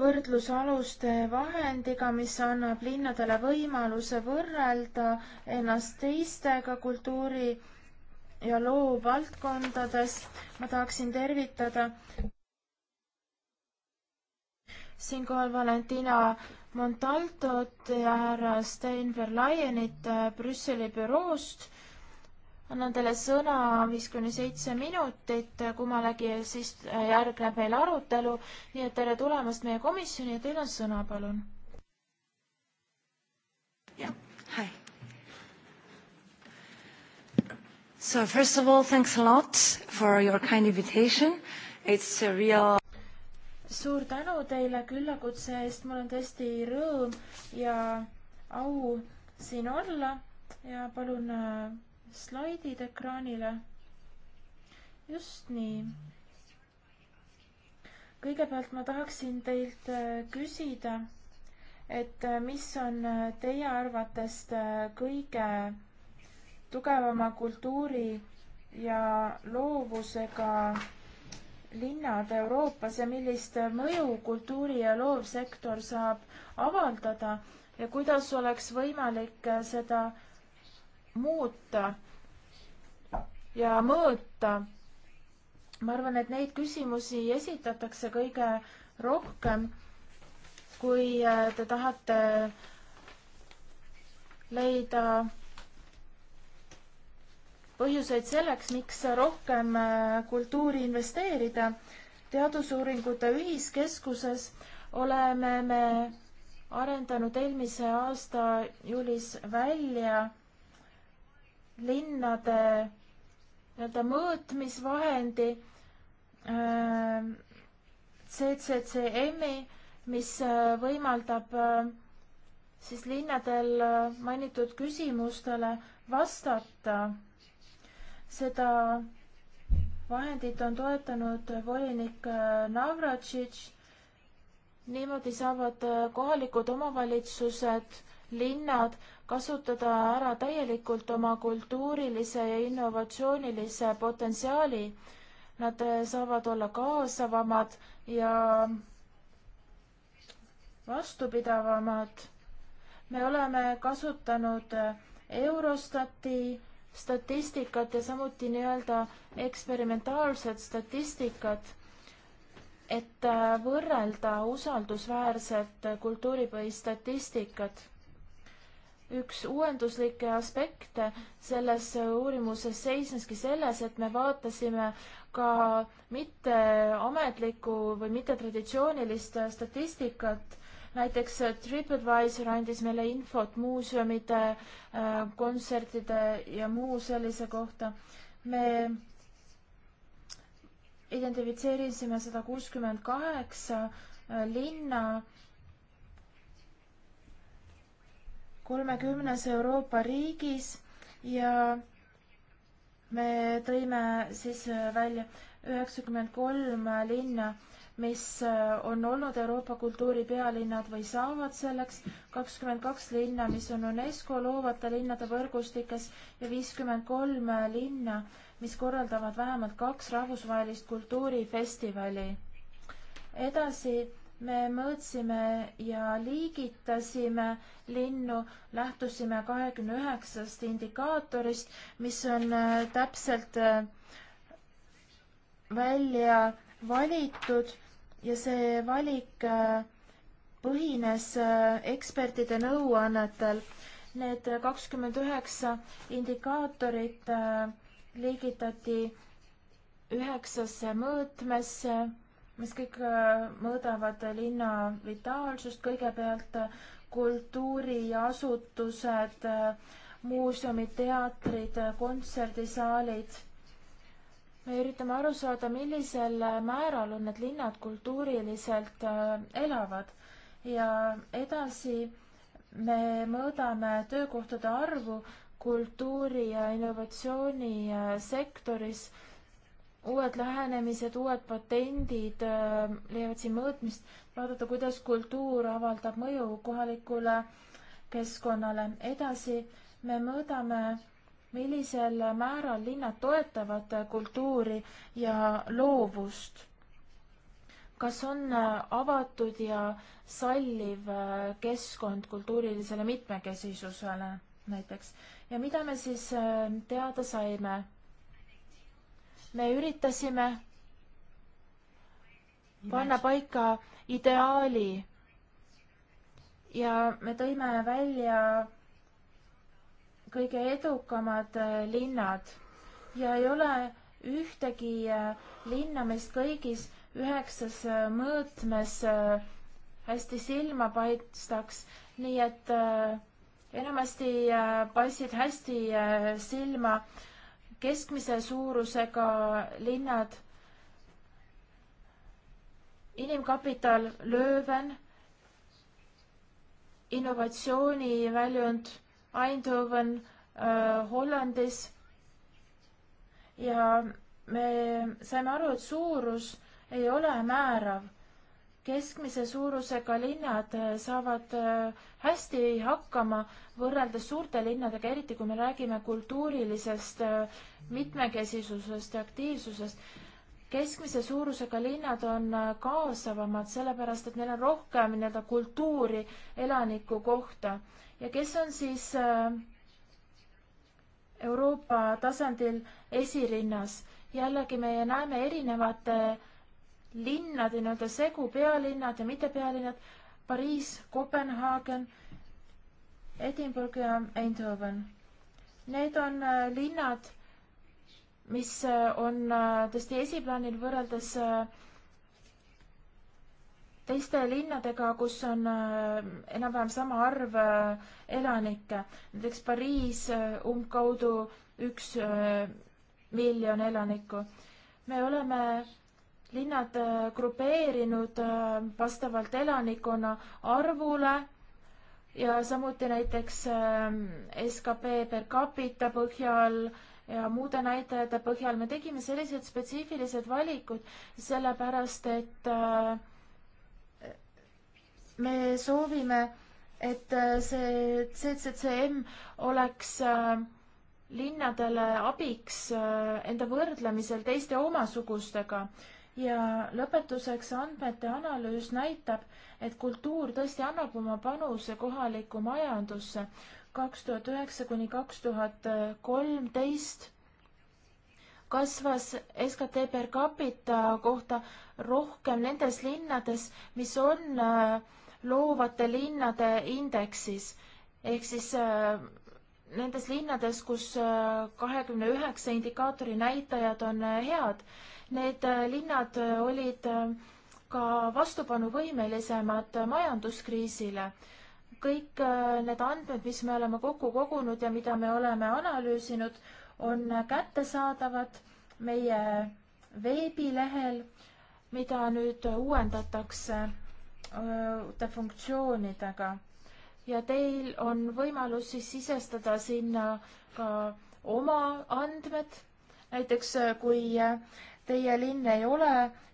võrdlusaluste vahendiga, mis annab linnadele võimaluse võrrelda ennast teistega kultuuri ja loovvaldkondades. ma tahaksin tervitada siinkohal Valentina Montaltot ja härra Stein Verlaienit äh, Brüsseli büroost. annan teile sõna viis kuni seitse minutit, äh, kummalegi siis äh, järgneb meil arutelu, nii et tere tulemast meie komisjoni ja teil on sõna, palun. jah, hi. So first of all, thanks a lot for your kind invitation. It's a real suur tänu teile küllakutse eest, mul on tõesti rõõm ja au siin olla ja palun äh, slaidid ekraanile. just nii. kõigepealt ma tahaksin teilt äh, küsida, et äh, mis on teie arvates kõige tugevama kultuuri ja loovusega linnad Euroopas ja millist mõju kultuuri- ja loovsektor saab avaldada ja kuidas oleks võimalik seda muuta ja mõõta. ma arvan, et neid küsimusi esitatakse kõige rohkem, kui te tahate leida põhjuseid selleks, miks rohkem äh, kultuuri investeerida. teadusuuringute ühiskeskuses oleme me arendanud eelmise aasta juulis välja linnade nii-öelda mõõtmisvahendi äh, CCCM-i, mis äh, võimaldab äh, siis linnadel äh, mainitud küsimustele vastata seda vahendit on toetanud volinik äh, Navratšitš. niimoodi saavad äh, kohalikud omavalitsused, linnad kasutada ära täielikult oma kultuurilise ja innovatsioonilise potentsiaali. Nad äh, saavad olla kaasavamad ja vastupidavamad. me oleme kasutanud Eurostati statistikat ja samuti nii-öelda eksperimentaalset statistikat, et äh, võrrelda usaldusväärset kultuuripõhist statistikat üks uuenduslikke aspekte selles uurimuses seisneski selles, et me vaatasime ka mitteametlikku või mittetraditsioonilist statistikat näiteks äh, TripAdvisor andis meile infot muuseumide, äh, kontsertide ja muu sellise kohta. me identifitseerisime sada kuuskümmend kaheksa äh, linna kolmekümnes Euroopa riigis ja me tõime siis välja üheksakümmend kolm linna mis äh, on olnud Euroopa kultuuripealinnad või saavad selleks, kakskümmend kaks linna, mis on UNESCO loovate linnade võrgustikes ja viiskümmend kolm linna, mis korraldavad vähemalt kaks rahvusvahelist kultuurifestivali. edasi me mõõtsime ja liigitasime linnu, lähtusime kahekümne üheksast indikaatorist, mis on äh, täpselt äh, välja valitud ja see valik äh, põhines äh, ekspertide nõuannetel. Need kakskümmend üheksa indikaatorit äh, liigitati üheksasse mõõtmesse, mis kõik mõõdavad linna vitaalsust, kõigepealt kultuuriasutused, muuseumid, teatrid, kontserdisaalid me üritame aru saada, millisel määral on need linnad kultuuriliselt äh, elavad ja edasi me mõõdame töökohtade arvu kultuuri ja innovatsiooni äh, sektoris. uued lähenemised, uued patendid äh, leiavad siin mõõtmist, vaadata, kuidas kultuur avaldab mõju kohalikule keskkonnale. edasi me mõõdame millisel määral linnad toetavad kultuuri ja loovust? kas on avatud ja salliv keskkond kultuurilisele mitmekesisusele näiteks ja mida me siis äh, teada saime? me üritasime panna paika ideaali ja me tõime välja kõige edukamad äh, linnad ja ei ole ühtegi äh, linna, mis kõigis üheksas äh, mõõtmes hästi silma paistaks, nii et enamasti paistsid hästi silma keskmise suurusega linnad. inimkapital Lööven, innovatsiooniväljund Eindhoven äh, Hollandis. ja me saime aru, et suurus ei ole määrav. keskmise suurusega linnad äh, saavad äh, hästi hakkama võrreldes suurte linnadega, eriti kui me räägime kultuurilisest äh, mitmekesisusest ja aktiivsusest keskmise suurusega linnad on äh, kaasavamad, sellepärast et neil on rohkem nii-öelda kultuuri elaniku kohta ja kes on siis äh, Euroopa tasandil esirinnas? jällegi meie näeme erinevate linnade nii-öelda segu, pealinnad ja mittepealinnad, Pariis, Kopenhaagen, Edinburgh ja Eindhoven. Need on äh, linnad, mis äh, on tõesti esiplaanil võrreldes äh, teiste linnadega, kus on äh, enam-vähem sama arv äh, elanikke, näiteks Pariis äh, umbkaudu üks miljon elanikku. me oleme linnad grupeerinud vastavalt elanikkonna arvule ja samuti näiteks skp per capita põhjal ja muude näitajate põhjal me tegime sellised spetsiifilised valikud, sellepärast et äh, me soovime, et äh, see CCCM oleks äh, linnadele abiks äh, enda võrdlemisel teiste omasugustega ja lõpetuseks andmete analüüs näitab, et kultuur tõesti annab oma panuse kohalikku majandusse. kaks tuhat üheksa kuni kaks tuhat kolmteist kasvas SKT per capita kohta rohkem nendes linnades, mis on äh, loovate linnade indeksis ehk siis äh, nendes linnades, kus äh, kahekümne üheksa indikaatori näitajad on äh, head, need linnad olid ka vastupanuvõimelisemad majanduskriisile. kõik need andmed, mis me oleme kokku kogunud ja mida me oleme analüüsinud, on kättesaadavad meie veebilehel, mida nüüd uuendatakse uute funktsioonidega ja teil on võimalus siis sisestada sinna ka oma andmed, näiteks äh, kui äh, teie linn ei ole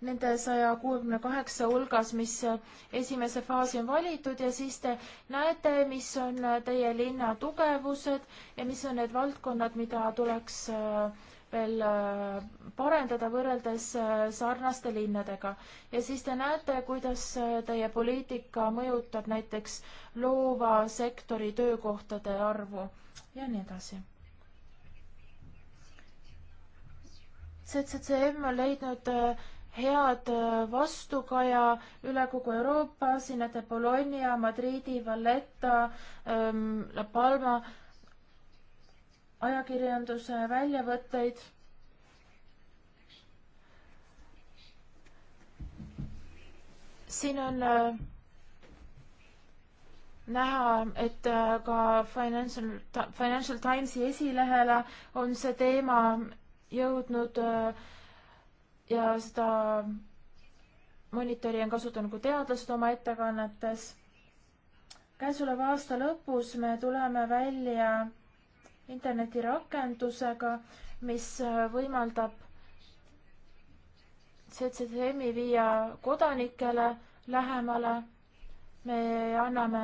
nende saja kuuekümne kaheksa hulgas, mis äh, esimese faasi on valitud ja siis te näete, mis on teie linna tugevused ja mis on need valdkonnad, mida tuleks äh, veel äh, parendada võrreldes äh, sarnaste linnadega. ja siis te näete, kuidas äh, teie poliitika mõjutab näiteks loova sektori töökohtade arvu ja nii edasi. CCCM on leidnud head vastukaja üle kogu Euroopa, siin näete Bologna, Madridi, Valletta ähm,, La Palma ajakirjanduse väljavõtteid. siin on äh, näha, et äh, ka Financial, Financial Timesi esilehele on see teema jõudnud äh, ja seda monitori on kasutanud ka teadlased oma ettekannetes. käesoleva aasta lõpus me tuleme välja internetirakendusega, mis äh, võimaldab CCTM-i viia kodanikele lähemale. me anname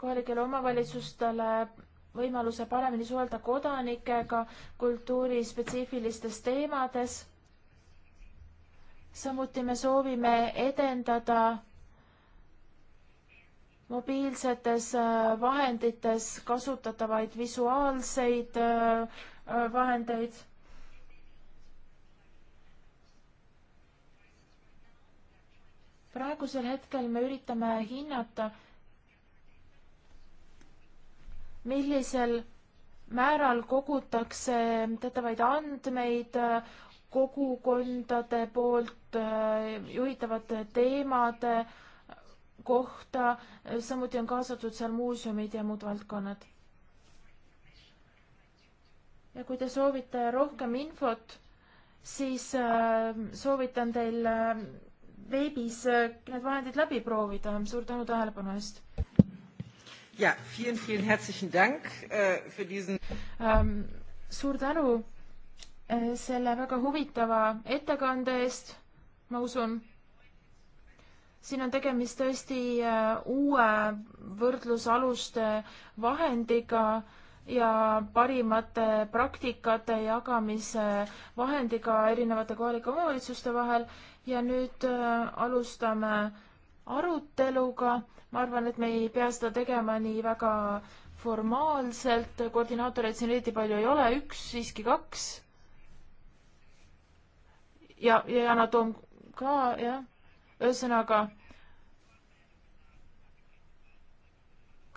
kohalikele omavalitsustele võimaluse paremini suhelda kodanikega kultuurispetsiifilistes teemades. samuti me soovime edendada mobiilsetes äh, vahendites kasutatavaid visuaalseid äh, äh, vahendeid. praegusel hetkel me üritame hinnata, millisel määral kogutakse teatavaid andmeid kogukondade poolt juhitavate teemade äh, kohta, samuti on kaasatud seal muuseumid ja muud valdkonnad. ja kui te soovite rohkem infot, siis äh, soovitan teil äh, veebis äh, need vahendid läbi proovida. suur tänu tähelepanu eest. ja, vielen, vielen herzlichen Dank äh, für diesen ähm,. suur tänu äh, selle väga huvitava ettekande eest, ma usun siin on tegemist tõesti äh, uue võrdlusaluste vahendiga ja parimate praktikate jagamise vahendiga erinevate kohalike omavalitsuste vahel ja nüüd äh, alustame aruteluga. ma arvan, et me ei pea seda tegema nii väga formaalselt, koordinaatoreid siin eriti palju ei ole, üks, siiski kaks. ja, ja Yana Toom ka, jah. ühesõnaga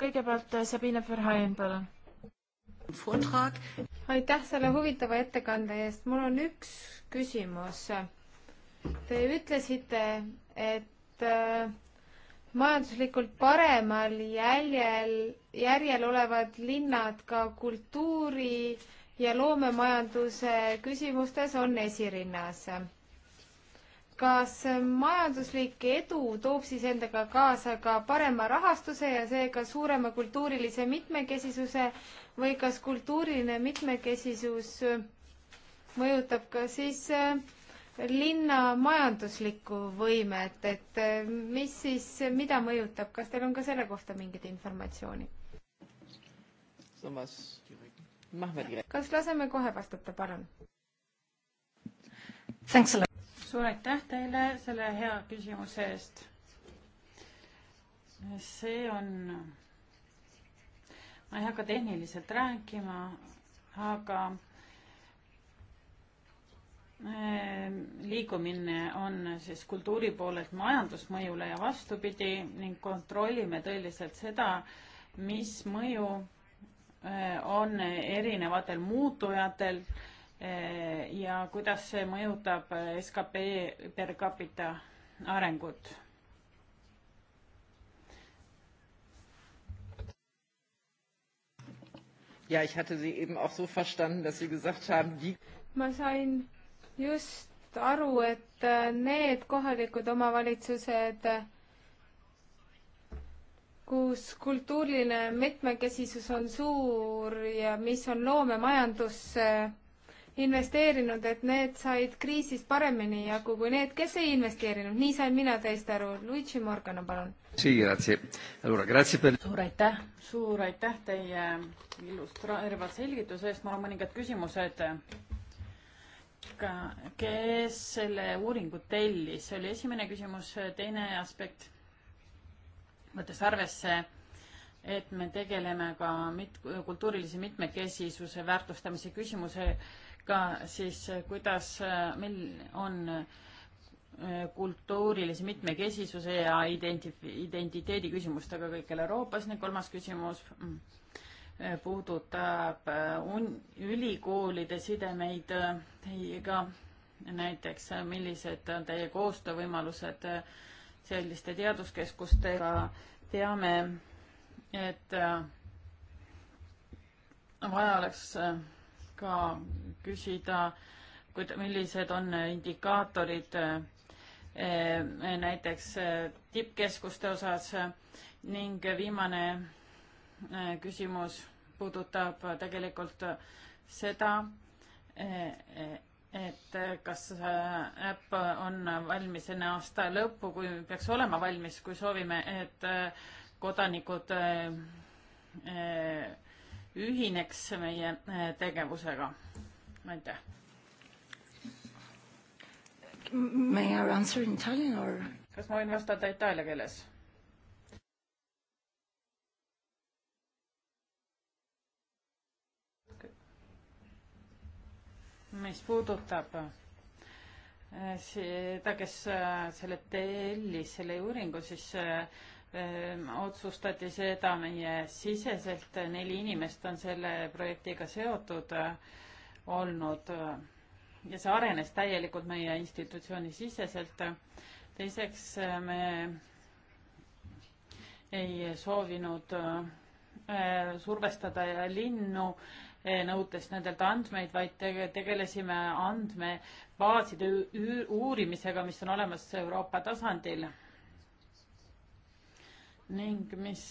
kõigepealt äh, Sabine Verhaen, palun. aitäh selle huvitava ettekande eest. mul on üks küsimus. Te ütlesite, et äh, majanduslikult paremal jäljel, järjel olevad linnad ka kultuuri ja loomemajanduse küsimustes on esirinnas kas majanduslik edu toob siis endaga kaasa ka parema rahastuse ja seega suurema kultuurilise mitmekesisuse või kas kultuuriline mitmekesisus mõjutab ka siis äh, linna majanduslikku võimet, et äh, mis siis, mida mõjutab, kas teil on ka selle kohta mingit informatsiooni? kas laseme kohe vastata, palun? suur aitäh teile selle hea küsimuse eest. see on, ma ei hakka tehniliselt rääkima, aga äh, liigumine on siis kultuuri poolelt majandusmõjule ja vastupidi ning kontrollime tõeliselt seda, mis mõju äh, on erinevatel muutujatel äh, Eh, ja kuidas see mõjutab eh, skp per capita arengut? Ja, ich hatte Sie eben auch so verstanden, dass Sie gesagt haben, die ma sain just aru, et eh, need kohalikud omavalitsused, kus kultuuriline mitmekesisus on suur ja mis on loomemajandusse investeerinud, et need said kriisist paremini jagu kui need, kes ei investeerinud, nii sain mina teist aru. Luigi Morgano, palun. suur aitäh, suur aitäh teie illustreeriva selgituse eest, mul on mõningad küsimused. kes selle uuringu tellis, see oli esimene küsimus, teine aspekt, võttes arvesse et me tegeleme ka mit-, kultuurilise mitmekesisuse väärtustamise küsimuse ka siis, kuidas meil on äh, kultuurilise mitmekesisuse ja identifi-, identiteedi küsimustega kõikjal Euroopas ning kolmas küsimus mm, äh, puudutab äh, un-, ülikoolide sidemeid teiega, näiteks millised on teie koostöövõimalused selliste teaduskeskustega, teame, et vaja oleks ka küsida, kuid millised on indikaatorid eh, näiteks eh, tippkeskuste osas ning viimane eh, küsimus puudutab tegelikult seda, et kas äpp on valmis enne aasta lõppu, kui peaks olema valmis, kui soovime, et kodanikud ühineks meie eh, tegevusega. aitäh. May I answer in Italian or? kas ma võin vastata itaalia keeles? mis puudutab eh, seda, kes eh, selle tellis, selle uuringu, siis otsustati seda meie siseselt, neli inimest on selle projektiga seotud äh, olnud äh, ja see arenes täielikult meie institutsiooni siseselt. teiseks äh, me ei soovinud survestada linnu, nõudes nendelt andmeid, vaid tegelesime andmebaaside uurimisega, mis on olemas Euroopa tasandil ning mis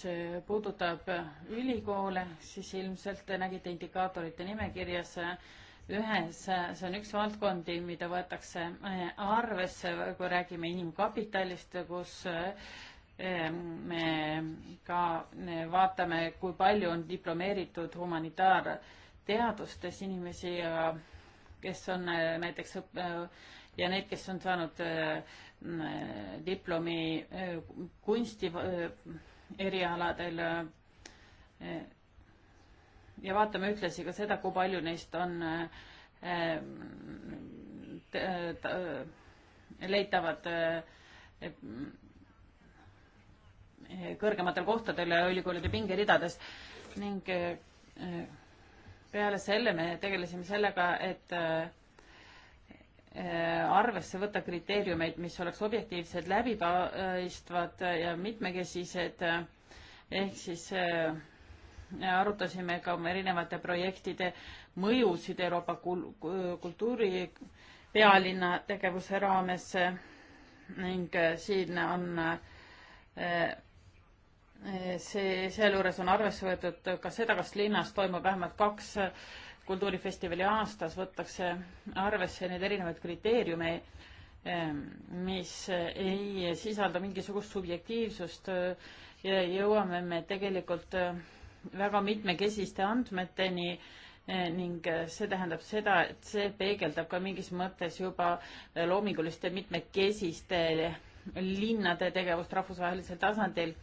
puudutab ülikoole, siis ilmselt te nägite indikaatorite nimekirjas ühes, see on üks valdkondi, mida võetakse arvesse, kui räägime inimkapitalist, kus ehm, me ka vaatame, kui palju on diplomeeritud humanitaarteadustes inimesi ja kes on näiteks õpp-, ja need, kes on saanud äh, diplomi äh, kunsti äh, erialadel. ja vaatame ühtlasi ka seda, kui palju neist on leitavad kõrgematel kohtadel ülikoolide pingeridades ning peale selle me tegelesime sellega, et Äh, arvesse võtta kriteeriumeid, mis oleks objektiivsed, läbipaistvad äh, ja mitmekesised. ehk siis äh, arutasime ka erinevate projektide mõjusid Euroopa kultuuri pealinna tegevuse raames ning siin on see, sealjuures on arvesse võetud ka seda, kas linnas toimub vähemalt kaks kultuurifestivali aastas võtakse arvesse neid erinevaid kriteeriume, ehm, mis ei sisalda mingisugust subjektiivsust ja jõuame me tegelikult ehm, väga mitmekesiste andmeteni ehm, ning see tähendab seda, et see peegeldab ka mingis mõttes juba loominguliste mitmekesiste linnade tegevust rahvusvahelisel tasandil.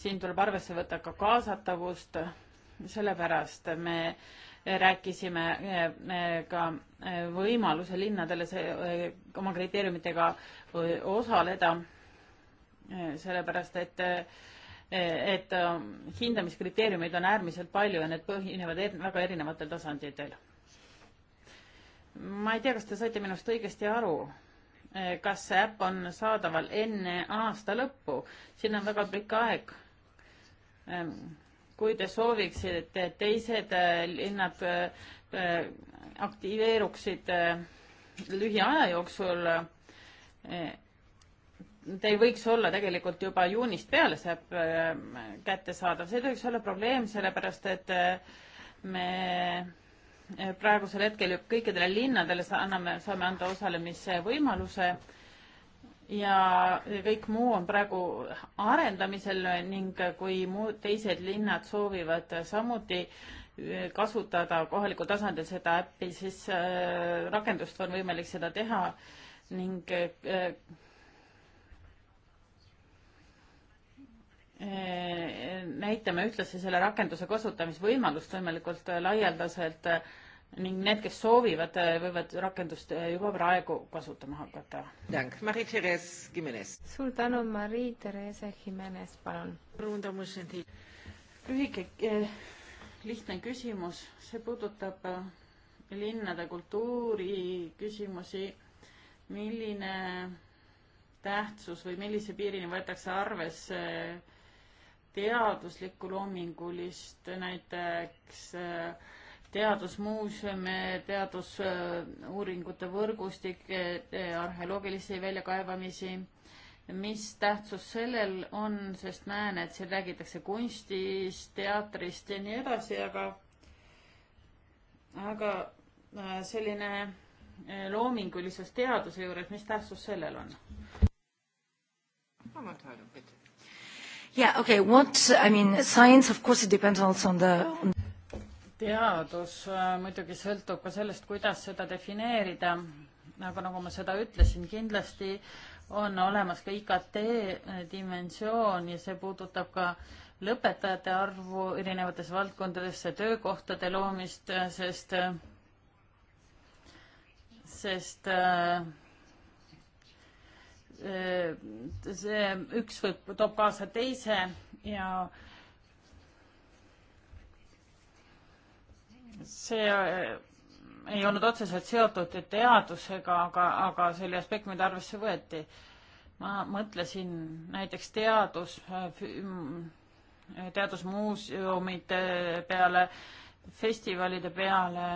siin tuleb arvesse võtta ka kaasatavust, sellepärast me äh, rääkisime eh, eh, ka eh, võimaluse linnadele see, oma kriteeriumitega osaleda, sellepärast et et hindamiskriteeriumeid on äärmiselt palju ja need põhinevad er väga erinevatel tasanditel. ma ei tea, kas te saite minust õigesti aru, kas see äpp on saadaval enne aasta lõppu, sinna on väga pikk aeg ehm, kui te sooviksite, et teised äh, linnad äh, aktiveeruksid äh, lühiaja jooksul, teil võiks olla tegelikult juba juunist peale see kättesaadav, see ei tohiks olla probleem, sellepärast et me praegusel hetkel ju kõikidele linnadele anname, saame anda osalemise võimaluse ja kõik muu on praegu arendamisel ning kui muud teised linnad soovivad samuti kasutada kohalikul tasandil seda äppi, siis äh, rakendust on võimalik seda teha ning äh, äh, näitame ühtlasi selle rakenduse kasutamisvõimalust võimalikult laialdaselt ning need, kes soovivad, võivad rakendust äh, juba praegu kasutama hakata. suur tänu, Marie-Therese Jimenez, palun. lühike äh, lihtne küsimus, see puudutab äh, linnade kultuuri küsimusi. milline tähtsus või millise piirini võetakse arvesse teaduslikku loomingulist näiteks äh, teadusmuuseume, teadusuuringute võrgustik, arheoloogilisi väljakaevamisi. mis tähtsus sellel on, sest näen, et siin räägitakse kunstist, teatrist ja nii edasi, aga, aga äh, selline äh, loomingulisus teaduse juures, mis tähtsus sellel on? Yeah, okay. What I mean, science, of course, it depends also on the. On teadus äh, muidugi sõltub ka sellest, kuidas seda defineerida. aga nagu ma seda ütlesin, kindlasti on olemas ka IKT äh, dimensioon ja see puudutab ka lõpetajate arvu erinevates valdkondades, töökohtade loomist, äh, sest, sest see üks võib, toob kaasa teise ja äh, see äh, ei olnud otseselt seotud teadusega, aga, aga see oli aspekt, mida arvesse võeti. ma mõtlesin näiteks teadus, äh, mm, teadusmuuseumide peale, festivalide peale.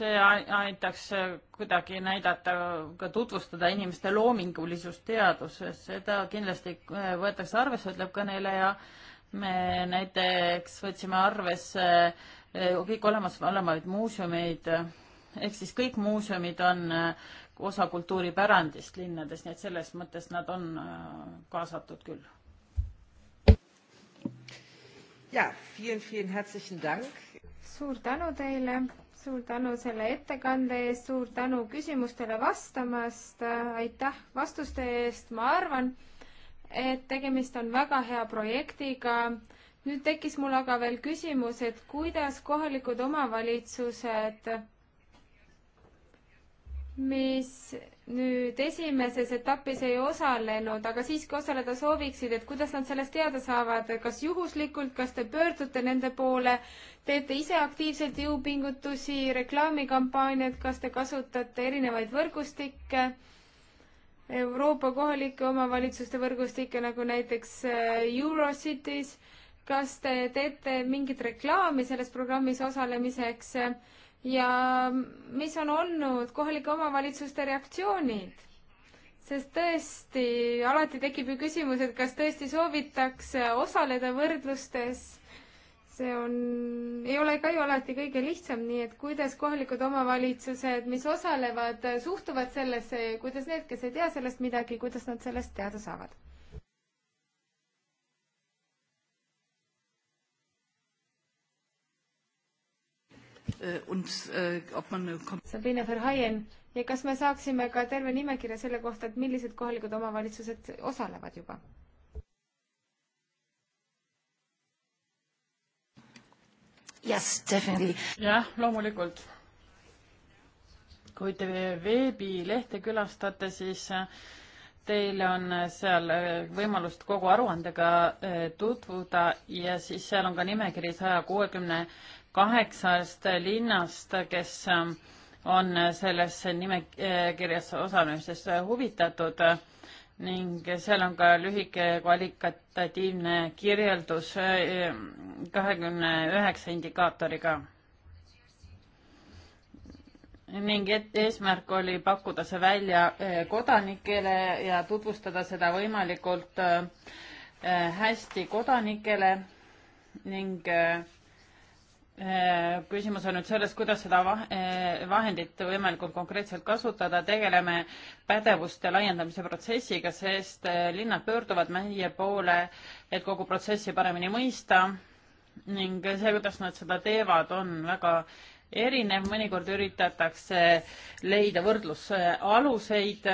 see aitaks äh, kuidagi näidata, ka tutvustada inimeste loomingulisust teaduses, seda kindlasti võetakse arvesse, ütleb kõneleja me näiteks võtsime arvesse eh, kõik olemasolevaid muuseumeid, ehk siis kõik muuseumid on eh, osa kultuuripärandist linnades, nii et selles mõttes nad on eh, kaasatud küll. ja, suur tänu teile, suur tänu selle ettekande eest, suur tänu küsimustele vastamast, aitäh vastuste eest, ma arvan et tegemist on väga hea projektiga. nüüd tekkis mul aga veel küsimus, et kuidas kohalikud omavalitsused, mis nüüd esimeses etapis ei osalenud, aga siiski osaleda sooviksid, et kuidas nad sellest teada saavad, kas juhuslikult, kas te pöördute nende poole, teete ise aktiivselt jõupingutusi, reklaamikampaaniad, kas te kasutate erinevaid võrgustikke Euroopa kohalike omavalitsuste võrgustikke, nagu näiteks äh, Eurocities, kas te teete mingit reklaami selles programmis osalemiseks ja mis on olnud kohalike omavalitsuste reaktsioonid? sest tõesti, alati tekib ju küsimus, et kas tõesti soovitakse osaleda võrdlustes see on, ei ole ka ju alati kõige lihtsam, nii et kuidas kohalikud omavalitsused, mis osalevad, suhtuvad sellesse ja kuidas need, kes ei tea sellest midagi, kuidas nad sellest teada saavad? Äh, und, äh, ob man Sabine Verhaien ja kas me saaksime ka terve nimekirja selle kohta, et millised kohalikud omavalitsused osalevad juba? Yes, definitely. jah, loomulikult. kui te veebilehte külastate, siis äh, teil on äh, seal äh, võimalus kogu aruandega tutvuda ja siis seal on ka nimekiri saja kuuekümne kaheksast linnast, kes ähm, on selles nimekirjas osalemisest huvitatud ning seal on ka lühike kvalitatiivne kirjeldus eh, kahekümne üheksa indikaatoriga. ning et eesmärk oli pakkuda see välja eh, kodanikele ja tutvustada seda võimalikult eh, hästi kodanikele ning Äh, küsimus on nüüd selles, kuidas seda äh, vahendit võimalikult konkreetselt kasutada, tegeleme pädevuste laiendamise protsessiga, sest äh, linnad pöörduvad meie poole, et kogu protsessi paremini mõista ning see, kuidas nad seda teevad, on väga erinev, mõnikord üritatakse leida võrdlusaluseid,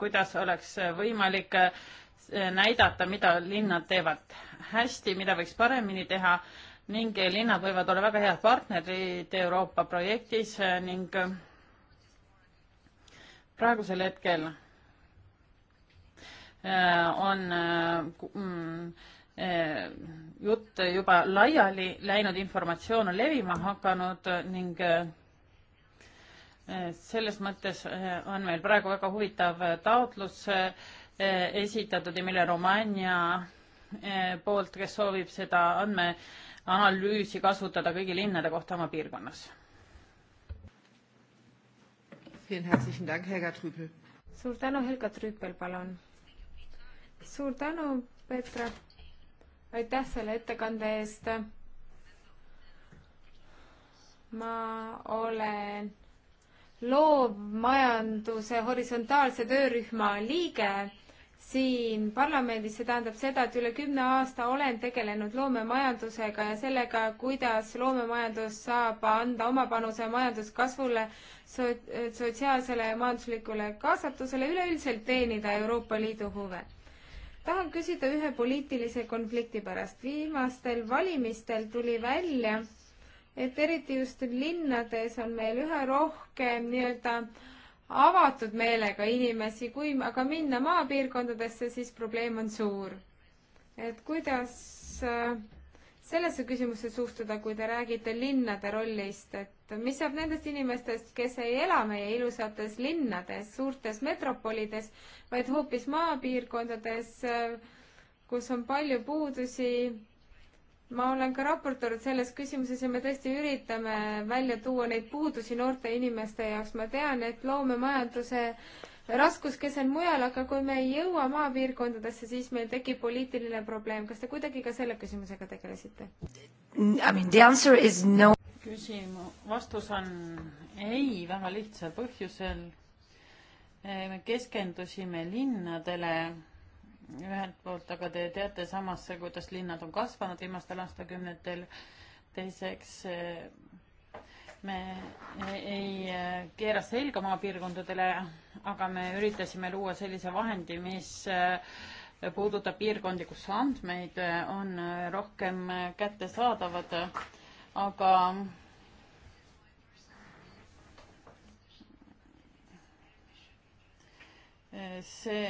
kuidas oleks võimalik näidata, mida linnad teevad hästi, mida võiks paremini teha ning linnad võivad olla väga head partnerid Euroopa projektis eh, ning eh, praegusel hetkel eh, on mm, jutt juba laiali läinud, informatsioon on levima hakanud ning selles mõttes on meil praegu väga huvitav taotlus esitatud Emilia Romagna poolt, kes soovib seda andme analüüsi kasutada kõigi linnade kohta oma piirkonnas. suur tänu, Helga Trüüpel, palun. suur tänu, Petra. aitäh selle ettekande eest. ma olen loovmajanduse horisontaalse töörühma liige siin parlamendis, see tähendab seda, et üle kümne aasta olen tegelenud loomemajandusega ja sellega, kuidas loomemajandus saab anda oma panuse majanduskasvule so, sotsiaalsele ja majanduslikule kaasatusele, üleüldiselt teenida Euroopa Liidu huve. tahan küsida ühe poliitilise konflikti pärast. viimastel valimistel tuli välja, et eriti just linnades on meil üha rohkem nii-öelda äh, avatud meelega inimesi, kui aga minna maapiirkondadesse, siis probleem on suur. et kuidas äh, sellesse küsimusse suhtuda, kui te räägite linnade rollist, et mis saab nendest inimestest, kes ei ela meie ilusates linnades, suurtes metropolides, vaid hoopis maapiirkondades, äh, kus on palju puudusi ma olen ka raportöör selles küsimuses ja me tõesti üritame välja tuua neid puudusi noorte inimeste jaoks. ma tean, et loomemajanduse raskuskese on mujal, aga kui me ei jõua maapiirkondadesse, siis meil tekib poliitiline probleem. kas te kuidagi ka selle küsimusega tegelesite? I mean the answer is no. küsimu-, vastus on ei, väga lihtsal põhjusel. me keskendusime linnadele ühelt poolt, aga te teate samas, kuidas linnad on kasvanud viimastel aastakümnetel. teiseks, eh, me ei eh, keera selga maapiirkondadele, aga me üritasime luua sellise vahendi, mis eh, puudutab piirkondi, kus andmeid on rohkem kättesaadavad, aga see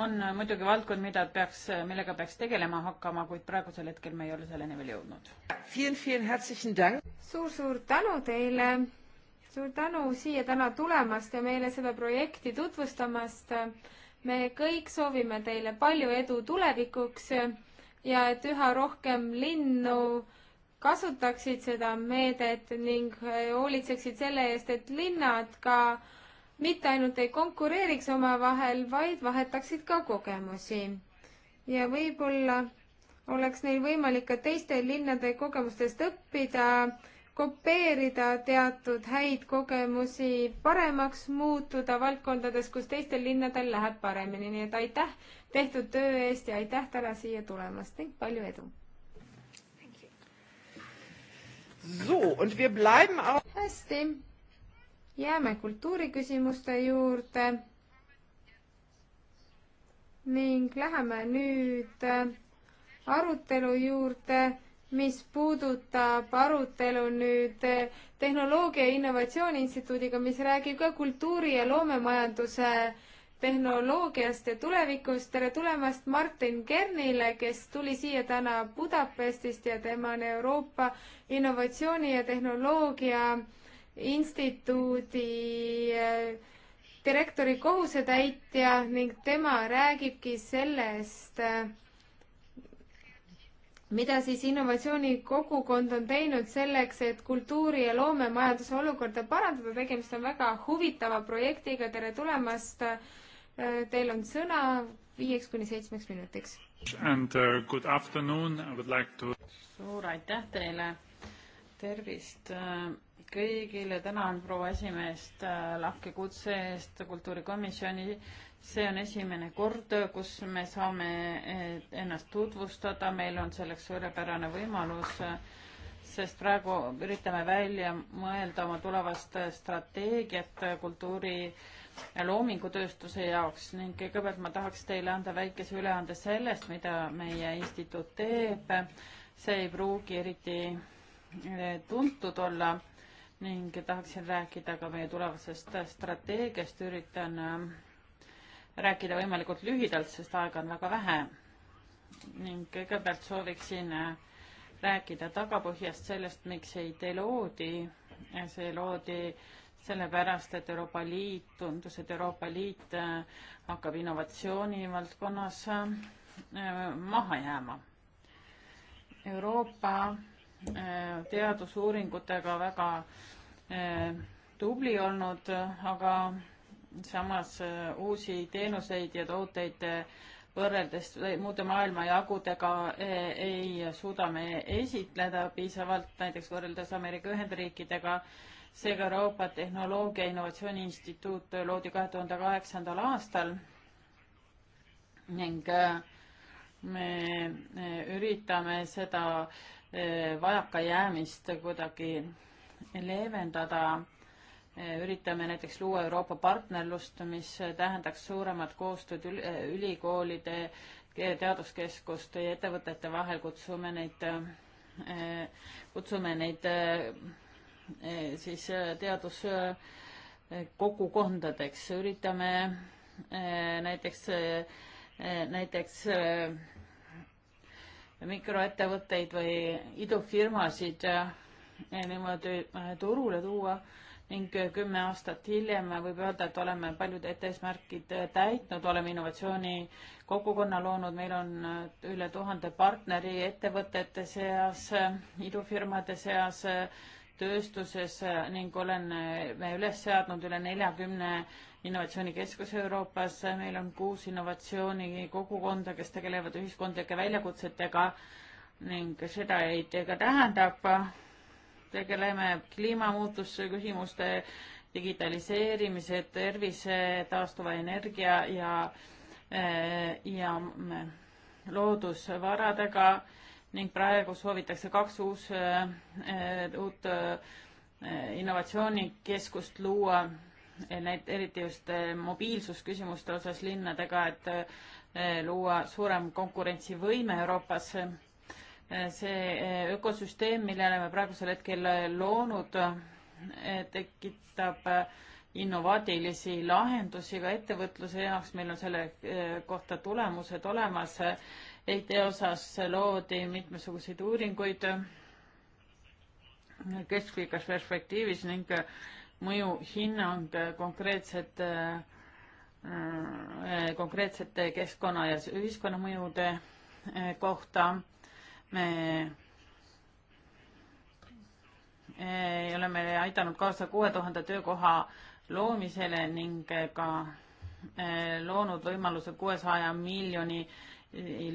on muidugi valdkond, mida peaks, millega peaks tegelema hakkama, kuid praegusel hetkel me ei ole selleni veel jõudnud suur,. suur-suur tänu teile, suur tänu siia täna tulemast ja meile seda projekti tutvustamast. me kõik soovime teile palju edu tulevikuks ja et üha rohkem linnu kasutaksid seda meedet ning hoolitseksid selle eest, et linnad ka mitte ainult ei konkureeriks omavahel, vaid vahetaksid ka kogemusi. ja võib-olla oleks neil võimalik ka teiste linnade kogemustest õppida, kopeerida teatud häid kogemusi, paremaks muutuda valdkondades, kus teistel linnadel läheb paremini, nii et aitäh tehtud töö eest ja aitäh täna siia tulemast ning palju edu! So, und wir bleiben auch... Hästi jääme kultuuriküsimuste juurde ning läheme nüüd äh, arutelu juurde, mis puudutab arutelu nüüd äh, Tehnoloogia ja Innovatsiooni Instituudiga, mis räägib ka kultuuri ja loomemajanduse tehnoloogiast ja tulevikust. tere tulemast Martin Kernile, kes tuli siia täna Budapestist ja tema on Euroopa Innovatsiooni ja Tehnoloogia instituudi eh, direktori kohusetäitja ning tema räägibki sellest, eh, mida siis innovatsioonikogukond on teinud selleks, et kultuuri ja loomemajanduse olukorda parandada, tegemist on väga huvitava projektiga, tere tulemast. Eh, teil on sõna viieks kuni seitsmeks minutiks. And uh, good afternoon, I would like to. suur aitäh teile, tervist uh, kõigile, tänan proua esimeest äh, lahke kutse eest kultuurikomisjoni. see on esimene kord, kus me saame äh, ennast tutvustada, meil on selleks suurepärane võimalus, äh, sest praegu üritame välja mõelda oma tulevast strateegiat kultuuri ja loomingutööstuse jaoks ning kõigepealt ma tahaks teile anda väikese üleande sellest, mida meie instituut teeb. see ei pruugi eriti tuntud olla, ning tahaksin rääkida ka meie tulevasest strateegiast, üritan äh, rääkida võimalikult lühidalt, sest aega on väga vähe. ning kõigepealt sooviksin äh, rääkida tagapõhjast sellest, miks EIT loodi. see loodi sellepärast, et Euroopa Liit, tundus, et Euroopa Liit äh, hakkab innovatsiooni valdkonnas maha jääma. Euroopa Äh, teadusuuringutega väga äh, tubli olnud, aga samas äh, uusi teenuseid ja tooteid võrreldes muude maailmajagudega ei suuda me esitleda piisavalt, näiteks võrreldes Ameerika Ühendriikidega. seega Euroopa Tehnoloogia Innovatsiooni Instituut loodi kahe tuhande kaheksandal aastal ning me üritame seda äh, vajakajäämist kuidagi leevendada. üritame näiteks luua Euroopa partnerlust, mis tähendaks suuremat koostööd ülikoolide, teaduskeskuste ja ettevõtete vahel, kutsume neid, kutsume neid siis teaduskogukondadeks, üritame näiteks, näiteks mikroettevõtteid või idufirmasid eh, niimoodi eh, turule tuua ning kümme aastat hiljem võib öelda, et oleme paljud eesmärgid eh, täitnud, oleme innovatsioonikogukonna loonud, meil on üle tuhande partneri ettevõtete seas, idufirmade seas, tööstuses ning olen me üles seadnud üle neljakümne innovatsioonikeskus Euroopas, meil on kuus innovatsioonikogukonda, kes tegelevad ühiskondlike väljakutsetega ning seda ei tee ka tähendab, tegeleme kliimamuutuse küsimuste, digitaliseerimise, tervise, taastuva energia ja, ja mm, loodusvaradega ning praegu soovitakse kaks uus, uut innovatsioonikeskust luua Eh, need eriti just eh, mobiilsusküsimuste osas linnadega, et eh, luua suurem konkurentsivõime Euroopas. see ökosüsteem, mille oleme praegusel hetkel loonud, tekitab innovaatilisi lahendusi ka ettevõtluse jaoks, meil on selle kohta tulemused olemas. IT e osas loodi mitmesuguseid uuringuid keskpikas perspektiivis ning mõjuhinnang konkreetset, äh, äh, konkreetsete keskkonna ja ühiskonnamõjude äh, kohta. me oleme aidanud kaasa kuue tuhande töökoha loomisele ning ka loonud võimaluse kuuesaja miljoni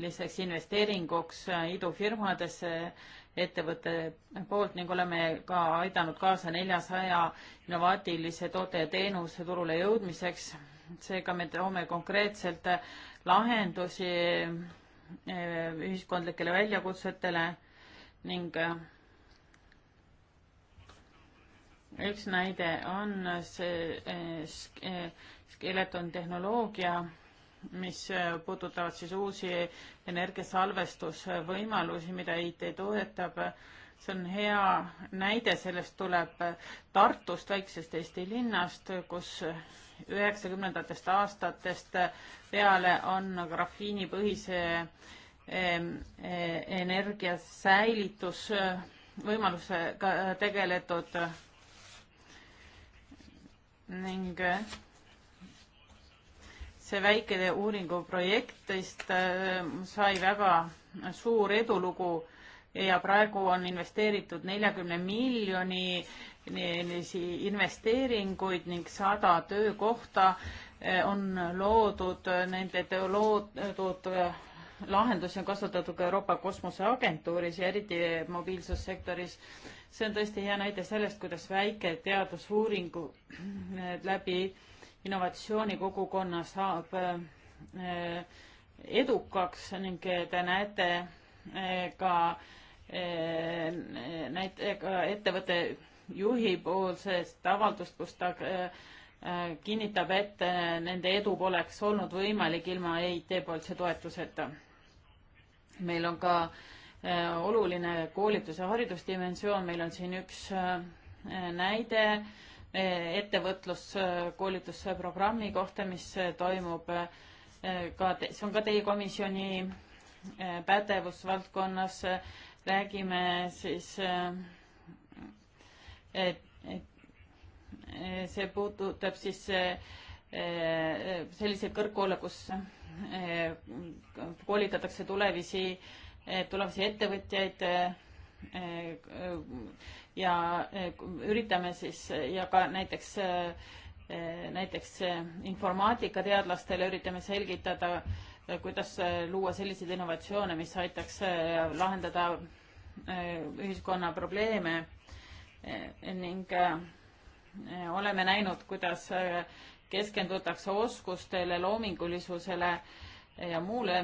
lisaks investeeringuks idufirmadesse ettevõtte poolt ning oleme ka aidanud kaasa neljasaja innovaatilise toote ja teenuse turule jõudmiseks. seega me toome konkreetselt lahendusi eh, ühiskondlikele väljakutsetele ning eh, üks näide on see eh, skeleton tehnoloogia mis äh, puudutavad siis uusi energiasalvestusvõimalusi, mida IT toetab. see on hea näide, sellest tuleb Tartust, väiksest Eesti linnast, kus üheksakümnendatest aastatest peale on grafiinipõhise ähm, äh, energia säilitusvõimalusega äh, tegeletud ning see väike uuringuprojektist äh, sai väga suur edulugu ja praegu on investeeritud neljakümne miljoni investeeringuid ning sada töökohta äh, on loodud, nende loodud äh, lahendusi on kasutatud ka Euroopa Kosmoseagentuuris ja eriti mobiilsussektoris. see on tõesti hea näide sellest, kuidas väike teadusuuringu läbi äh, innovatsioonikogukonna saab eh, edukaks ning te näete eh, ka eh, näite- ka ettevõtte juhi poolsest avaldust, kus ta kinnitab, et nende edu poleks olnud võimalik ilma EIT poolse toetuseta. meil on ka oluline koolitus- ja haridusdimensioon, meil on siin üks näide ettevõtluskoolitusprogrammi kohta, mis toimub eh, ka, see on ka teie komisjoni eh, pädevusvaldkonnas. räägime siis, eh, et, et see puudutab siis selliseid kõrgkoole, kus koolitatakse tulevisi, tulevasi ettevõtjaid ja eh, üritame siis ja ka näiteks, eh, näiteks informaatikateadlastele üritame selgitada, eh, kuidas luua selliseid innovatsioone, mis aitaks lahendada ühiskonna probleeme ning oleme näinud, kuidas keskendutakse oskustele, loomingulisusele ja muule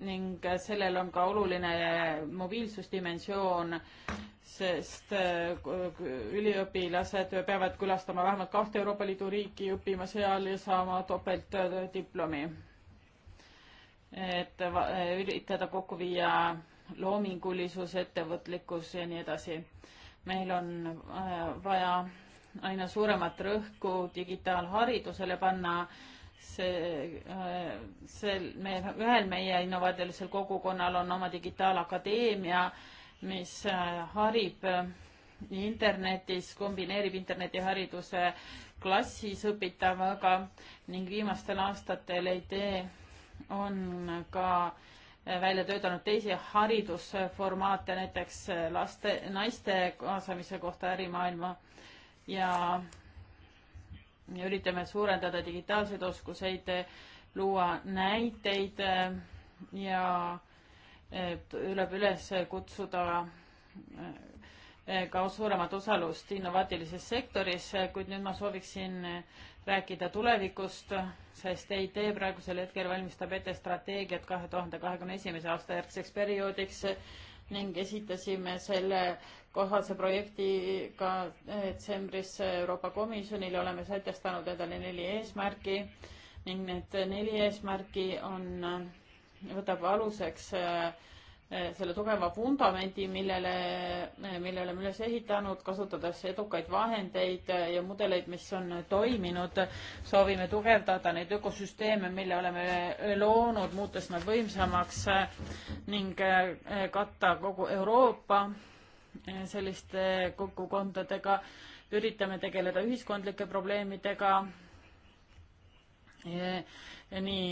ning sellel on ka oluline mobiilsusdimensioon, sest äh, üliõpilased peavad külastama vähemalt kahte Euroopa Liidu riiki, õppima seal ja saama topeltdiplomi. et üritada kokku viia loomingulisus, ettevõtlikkus ja nii edasi. meil on äh, vaja aina suuremat rõhku digitaalharidusele panna see, äh, sel, me, ühel meie innovaatilisel kogukonnal on oma digitaalakadeemia, mis äh, harib äh, internetis, kombineerib internetihariduse klassis õpitavaga ning viimastel aastatel idee on ka välja töötanud teisi haridusformaate, näiteks laste, naiste kaasamise kohta ärimaailma ja üritame suurendada digitaalseid oskuseid, luua näiteid äh, ja äh, tuleb üles kutsuda äh, ka suuremat osalust innovaatilises sektoris, kuid nüüd ma sooviksin rääkida tulevikust, sest EIT praegusel hetkel valmistab ette strateegiat kahe tuhande kahekümne esimese aasta järgseks perioodiks ning esitasime selle kohase projektiga detsembris Euroopa Komisjonile oleme sätestanud endale neli eesmärki ning need neli eesmärki on, võtab aluseks eh, selle tugeva vundamendi, millele, mille oleme üles ehitanud, kasutades edukaid vahendeid ja mudeleid, mis on toiminud. soovime tugevdada neid ökosüsteeme, mille oleme loonud, muutes nad võimsamaks ning eh, katta kogu Euroopa selliste kogukondadega, üritame tegeleda ühiskondlike probleemidega, nii,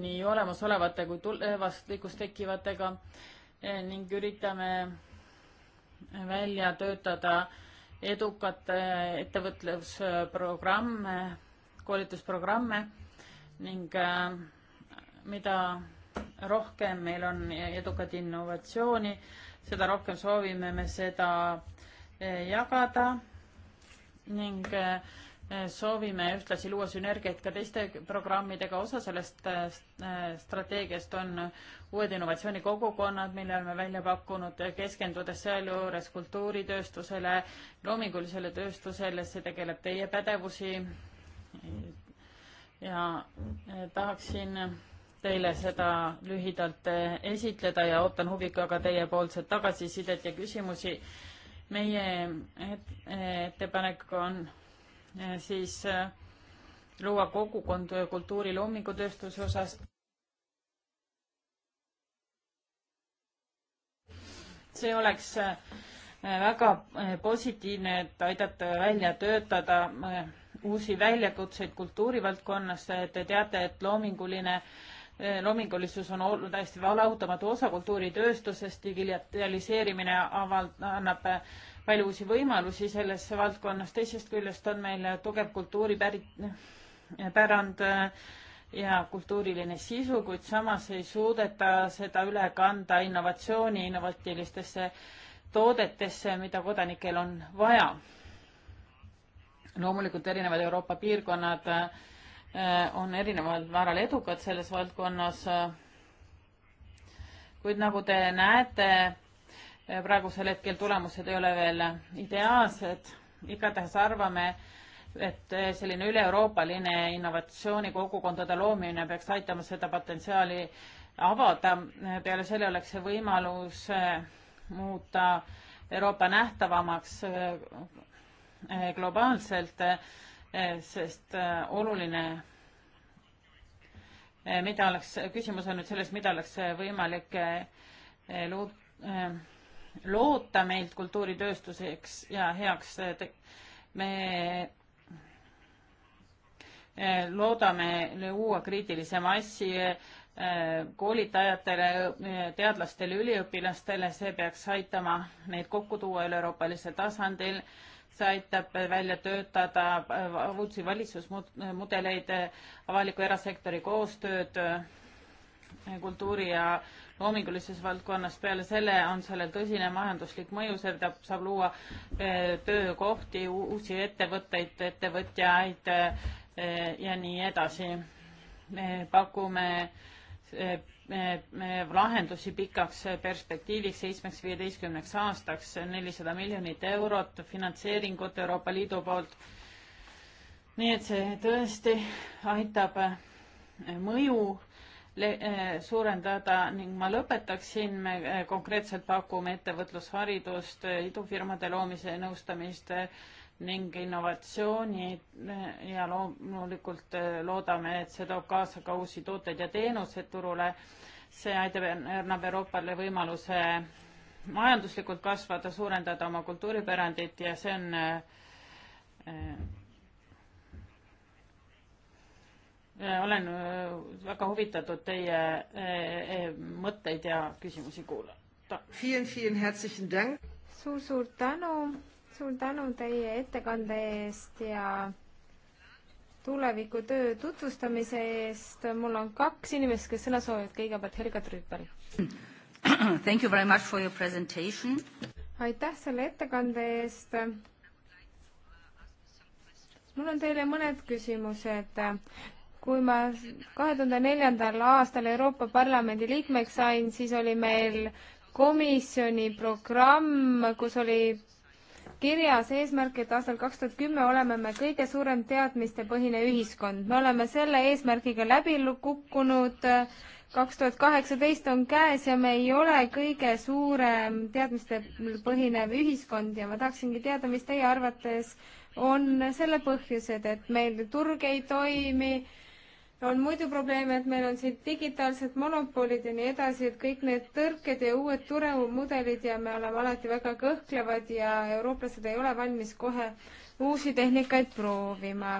nii olemasolevate kui tulevastikus tekkivatega ning üritame välja töötada edukate äh, ettevõtlusprogramme, koolitusprogramme ning äh, mida rohkem meil on edukat innovatsiooni, seda rohkem soovime me seda eh, jagada ning eh, soovime ühtlasi luua sünergiat ka teiste programmidega. osa sellest eh, strateegiast on uued innovatsioonikogukonnad, mille oleme välja pakkunud, keskendudes sealjuures kultuuritööstusele, loomingulisele tööstusele, see tegeleb teie pädevusi. ja tahaksin teile seda lühidalt äh, esitleda ja ootan huviga ka teiepoolset tagasisidet ja küsimusi. meie ettepanek on äh, siis äh, luua kogukond kultuuri loomingutööstuse osas. see oleks väga positiivne, et aidata välja töötada uusi väljakutseid kultuurivaldkonnas. Te teate, et loominguline äh, Eh, loomingulisus on olnud hästi lahutamatu osa kultuuritööstusest, digitaliseerimine aval-, annab palju uusi võimalusi selles valdkonnas, teisest küljest on meil tugev kultuuripärit-, pärand ja kultuuriline sisu, kuid samas ei suudeta seda üle kanda innovatsiooni innovatiivsetesse toodetesse, mida kodanikel on vaja. loomulikult erinevad Euroopa piirkonnad äh, Äh, on erineval määral edukad selles valdkonnas. Äh, kuid nagu te näete, äh, praegusel hetkel tulemused ei ole veel ideaalsed. igatahes arvame, et selline üle-euroopaline innovatsioonikogukondade loomine peaks aitama seda potentsiaali avada. peale selle oleks see võimalus muuta Euroopa nähtavamaks globaalselt Eh, sest eh, oluline, eh, mida oleks, küsimus on nüüd selles, mida oleks võimalik loot, loota meilt kultuuritööstuseks ja heaks te-, me loodame uue kriitilise massi koolitajatele, teadlastele, üliõpilastele, see peaks aitama neid kokku tuua üle-euroopalisel tasandil see aitab välja töötada äh, uusi valitsusmudeleid, avaliku erasektori koostööd äh, kultuuri ja loomingulises valdkonnas. peale selle on sellel tõsine majanduslik mõju, see saab luua äh, töökohti, uusi ettevõtteid, ettevõtjaid ja nii edasi. me pakume äh, Eh, eh, eh, lahendusi pikaks perspektiiviks, seitsmeks, viieteistkümneks aastaks, nelisada miljonit eurot finantseeringut Euroopa Liidu poolt. nii et see tõesti aitab mõju suurendada ning ma lõpetaksin, me konkreetselt pakume ettevõtlusharidust, idufirmade loomise nõustamist ning innovatsiooni ja loomulikult eh, loodame, et see toob kaasa ka uusi tooteid ja teenuseid turule. see aitab, annab Euroopale võimaluse majanduslikult kasvada, suurendada oma kultuuripärandit ja see on äh, olen väga huvitatud teie äh, äh, mõtteid ja küsimusi kuulata. suur-suur tänu suur tänu teie ettekande eest ja tulevikutöö tutvustamise eest. mul on kaks inimest, kes sõna soovivad, kõigepealt Helga Trüüpel. <clears throat> Thank you very much for your presentation. aitäh selle ettekande eest. mul on teile mõned küsimused kui ma kahe tuhande neljandal aastal Euroopa Parlamendi liikmeks sain, siis oli meil komisjoni programm, kus oli kirjas eesmärk, et aastal kaks tuhat kümme oleme me kõige suurem teadmistepõhine ühiskond. me oleme selle eesmärgiga läbi kukkunud, kaks tuhat kaheksateist on käes ja me ei ole kõige suurem teadmistepõhinev ühiskond ja ma tahaksingi teada, mis teie arvates on selle põhjused, et meil turg ei toimi, on muidu probleeme, et meil on siin digitaalsed monopolid ja nii edasi, et kõik need tõrked ja uued turumudelid ja me oleme alati väga kõhklevad ja eurooplased ei ole valmis kohe uusi tehnikaid proovima.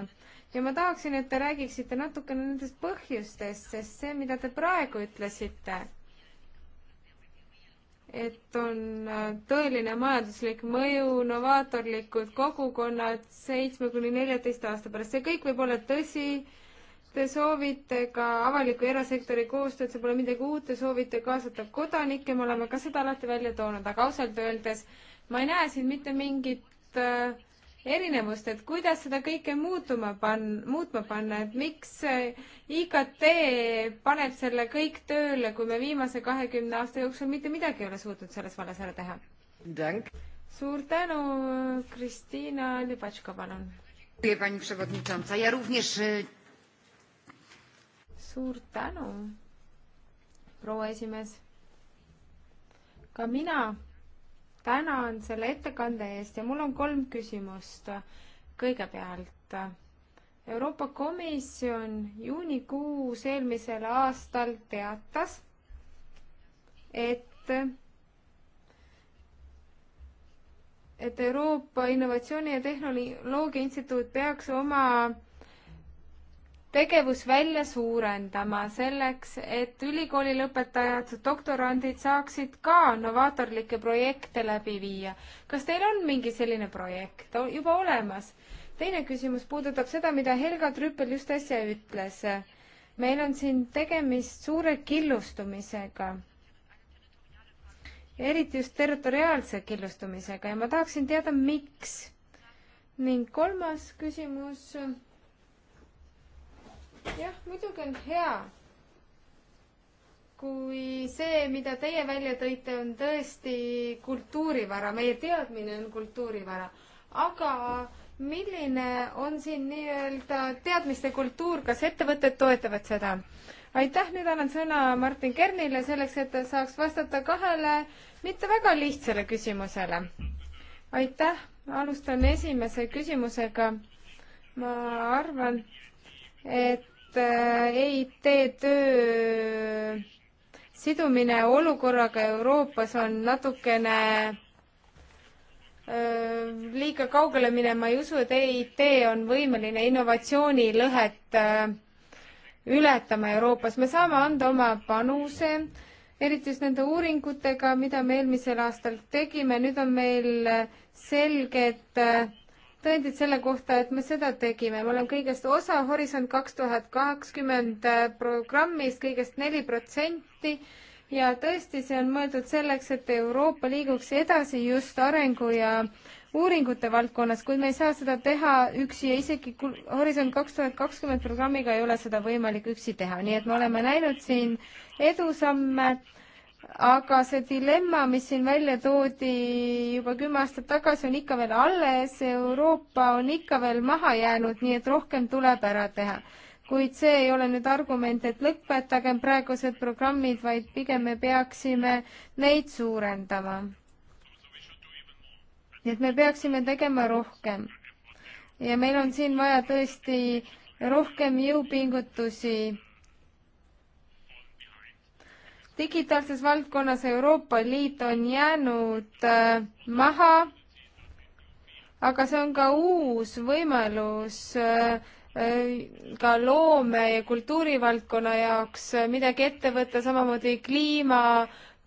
ja ma tahaksin, et te räägiksite natukene nendest põhjustest, sest see, mida te praegu ütlesite, et on äh, tõeline majanduslik mõju, novaatorlikud kogukonnad seitsme kuni neljateist aasta pärast, see kõik võib olla tõsi Te soovite ka avaliku ja erasektori koostööd, see pole midagi uut, te soovite kaasata kodanikke, me oleme ka seda alati välja toonud, aga ausalt öeldes ma ei näe siin mitte mingit äh, erinevust, et kuidas seda kõike muutuma pan-, muutma panna, et miks IKT paneb selle kõik tööle, kui me viimase kahekümne aasta jooksul mitte midagi ei ole suutnud selles vallas ära teha? suur tänu, Kristiina Libatška, palun! Pani przewodnicząca, ja również e, suur tänu, proua esimees. ka mina tänan selle ettekande eest ja mul on kolm küsimust. kõigepealt, Euroopa Komisjon juunikuus eelmisel aastal teatas, et et Euroopa Innovatsiooni ja Tehnoloogia Instituut peaks oma tegevusvälja suurendama selleks, et ülikooli lõpetajad, doktorandid saaksid ka novaatorlikke projekte läbi viia. kas teil on mingi selline projekt juba olemas? teine küsimus puudutab seda, mida Helga Trüppel just äsja ütles. meil on siin tegemist suure killustumisega, eriti just territoriaalse killustumisega ja ma tahaksin teada, miks. ning kolmas küsimus jah, muidugi on hea, kui see, mida teie välja tõite, on tõesti kultuurivara, meie teadmine on kultuurivara, aga milline on siin nii-öelda teadmiste kultuur, kas ettevõtted toetavad seda? aitäh, nüüd annan sõna Martin Kernile selleks, et ta saaks vastata kahele mitte väga lihtsale küsimusele. aitäh, alustan esimese küsimusega. ma arvan, et Äh, EIT töö sidumine olukorraga Euroopas on natukene äh, liiga kaugele minema, ei usu, et EIT on võimeline innovatsioonilõhet äh, ületama Euroopas. me saame anda oma panuse, eriti just nende uuringutega, mida me eelmisel aastal tegime, nüüd on meil selged tõendid selle kohta, et me seda tegime, me oleme kõigest osa Horisont kaks tuhat kakskümmend äh, programmist kõigest neli protsenti ja tõesti, see on mõeldud selleks, et Euroopa liiguks edasi just arengu ja uuringute valdkonnas, kuid me ei saa seda teha üksi ja isegi Horisont kaks tuhat kakskümmend programmiga ei ole seda võimalik üksi teha, nii et me oleme näinud siin edusamme aga see dilemma, mis siin välja toodi juba kümme aastat tagasi, on ikka veel alles, Euroopa on ikka veel maha jäänud, nii et rohkem tuleb ära teha. kuid see ei ole nüüd argument, et lõpetagem praegused programmid, vaid pigem me peaksime neid suurendama. nii et me peaksime tegema rohkem. ja meil on siin vaja tõesti rohkem jõupingutusi digitaalses valdkonnas Euroopa Liit on jäänud äh, maha, aga see on ka uus võimalus äh, äh, ka loome- ja kultuurivaldkonna jaoks midagi ette võtta, samamoodi kliima,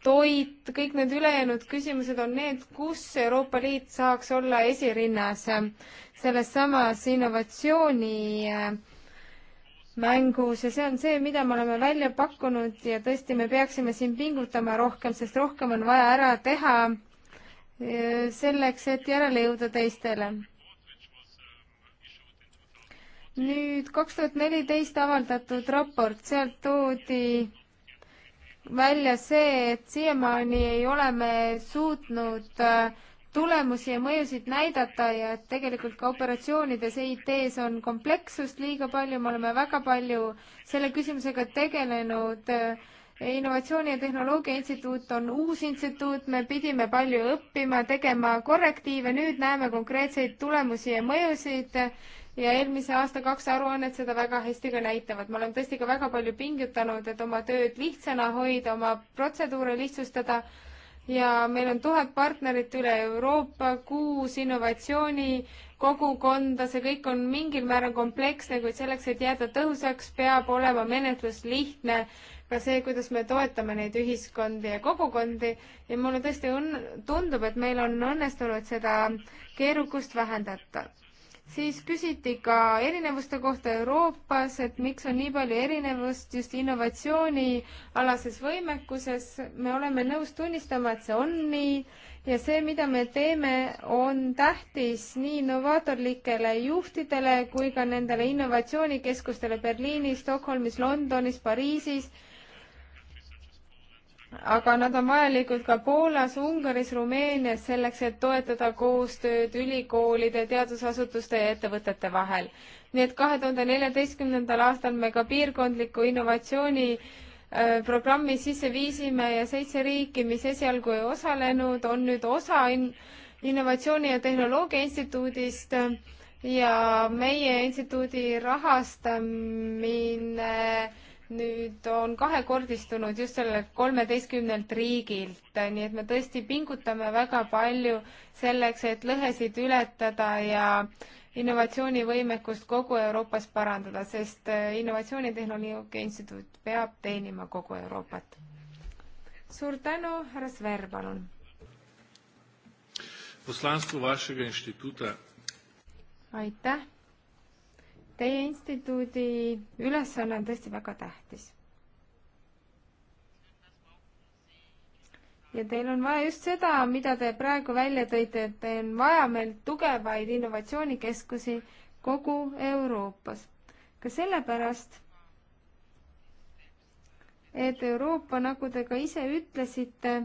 toit, kõik need ülejäänud küsimused on need, kus Euroopa Liit saaks olla esirinnas selles samas innovatsiooni äh, mängus ja see on see, mida me oleme välja pakkunud ja tõesti, me peaksime siin pingutama rohkem, sest rohkem on vaja ära teha eh, selleks, et järele jõuda teistele. nüüd kaks tuhat neliteist avaldatud raport, sealt toodi välja see, et siiamaani ei ole me suutnud äh, tulemusi ja mõjusid näidata ja et tegelikult ka operatsioonides EIT-s on komplekssust liiga palju, me oleme väga palju selle küsimusega tegelenud. innovatsiooni ja Tehnoloogia Instituut on uus instituut, me pidime palju õppima, tegema korrektiive, nüüd näeme konkreetseid tulemusi ja mõjusid ja eelmise aasta kaks aruannet seda väga hästi ka näitavad. me oleme tõesti ka väga palju pingutanud, et oma tööd lihtsana hoida, oma protseduure lihtsustada ja meil on tuhat partnerit üle Euroopa, kuus innovatsioonikogukonda, see kõik on mingil määral kompleksne, kuid selleks, et jääda tõhusaks, peab olema menetlus lihtne, ka see, kuidas me toetame neid ühiskondi ja kogukondi ja mulle tõesti on, tundub, et meil on õnnestunud seda keerukust vähendada siis küsiti ka erinevuste kohta Euroopas, et miks on nii palju erinevust just innovatsioonialases võimekuses. me oleme nõus tunnistama, et see on nii ja see, mida me teeme, on tähtis nii innovaatorlikele juhtidele kui ka nendele innovatsioonikeskustele Berliinis, Stockholmis, Londonis, Pariisis aga nad on vajalikud ka Poolas, Ungaris, Rumeenias selleks, et toetada koostööd ülikoolide, teadusasutuste ja ettevõtete vahel. nii et kahe tuhande neljateistkümnendal aastal me ka piirkondliku innovatsiooni äh, programmi sisse viisime ja seitse riiki, mis esialgu ei osalenud, on nüüd osa in-, innovatsiooni ja tehnoloogia instituudist äh, ja meie instituudi rahastamine äh, nüüd on kahekordistunud just sellelt kolmeteistkümnelt riigilt, nii et me tõesti pingutame väga palju selleks, et lõhesid ületada ja innovatsioonivõimekust kogu Euroopas parandada, sest äh, Innovatsioonitehnoloogia Instituut peab teenima kogu Euroopat. suur tänu, härra Sver, palun. aitäh Teie instituudi ülesanne on tõesti väga tähtis. ja teil on vaja just seda, mida te praegu välja tõite, et teil on vaja meil tugevaid innovatsioonikeskusi kogu Euroopas. ka sellepärast, et Euroopa, nagu te ka ise ütlesite,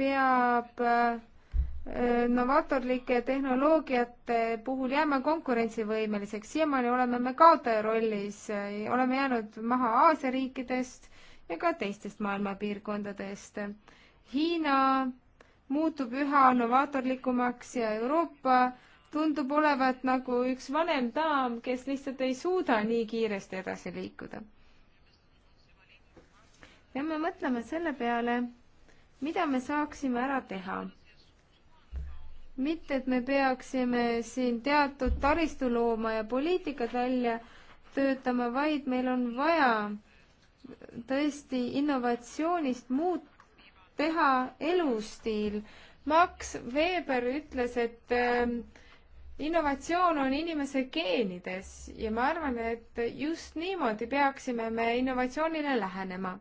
peab äh, novaatorlike tehnoloogiate puhul jääme konkurentsivõimeliseks. siiamaani oleme me kaotaja rollis, oleme jäänud maha Aasia riikidest ja ka teistest maailma piirkondadest. Hiina muutub üha novaatorlikumaks ja Euroopa tundub olevat nagu üks vanem daam, kes lihtsalt ei suuda nii kiiresti edasi liikuda. peame mõtlema selle peale, mida me saaksime ära teha mitte, et me peaksime siin teatud taristu looma ja poliitikad välja töötama, vaid meil on vaja tõesti innovatsioonist muud teha elustiil. Max Weber ütles, et äh, innovatsioon on inimese geenides ja ma arvan, et just niimoodi peaksime me innovatsioonile lähenema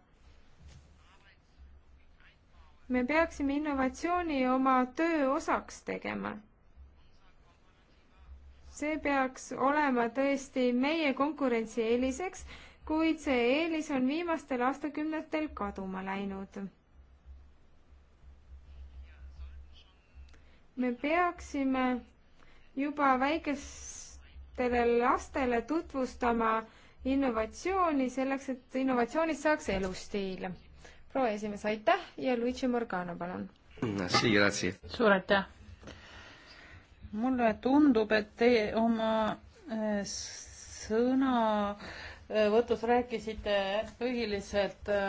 me peaksime innovatsiooni oma töö osaks tegema. see peaks olema tõesti meie konkurentsieeliseks, kuid see eelis on viimastel aastakümnetel kaduma läinud. me peaksime juba väikestele lastele tutvustama innovatsiooni selleks, et innovatsioonist saaks elustiil proua esimees, aitäh ja Luigi Morgano, palun. suur aitäh. mulle tundub, et teie oma eh, sõnavõtus eh, rääkisite põhiliselt eh,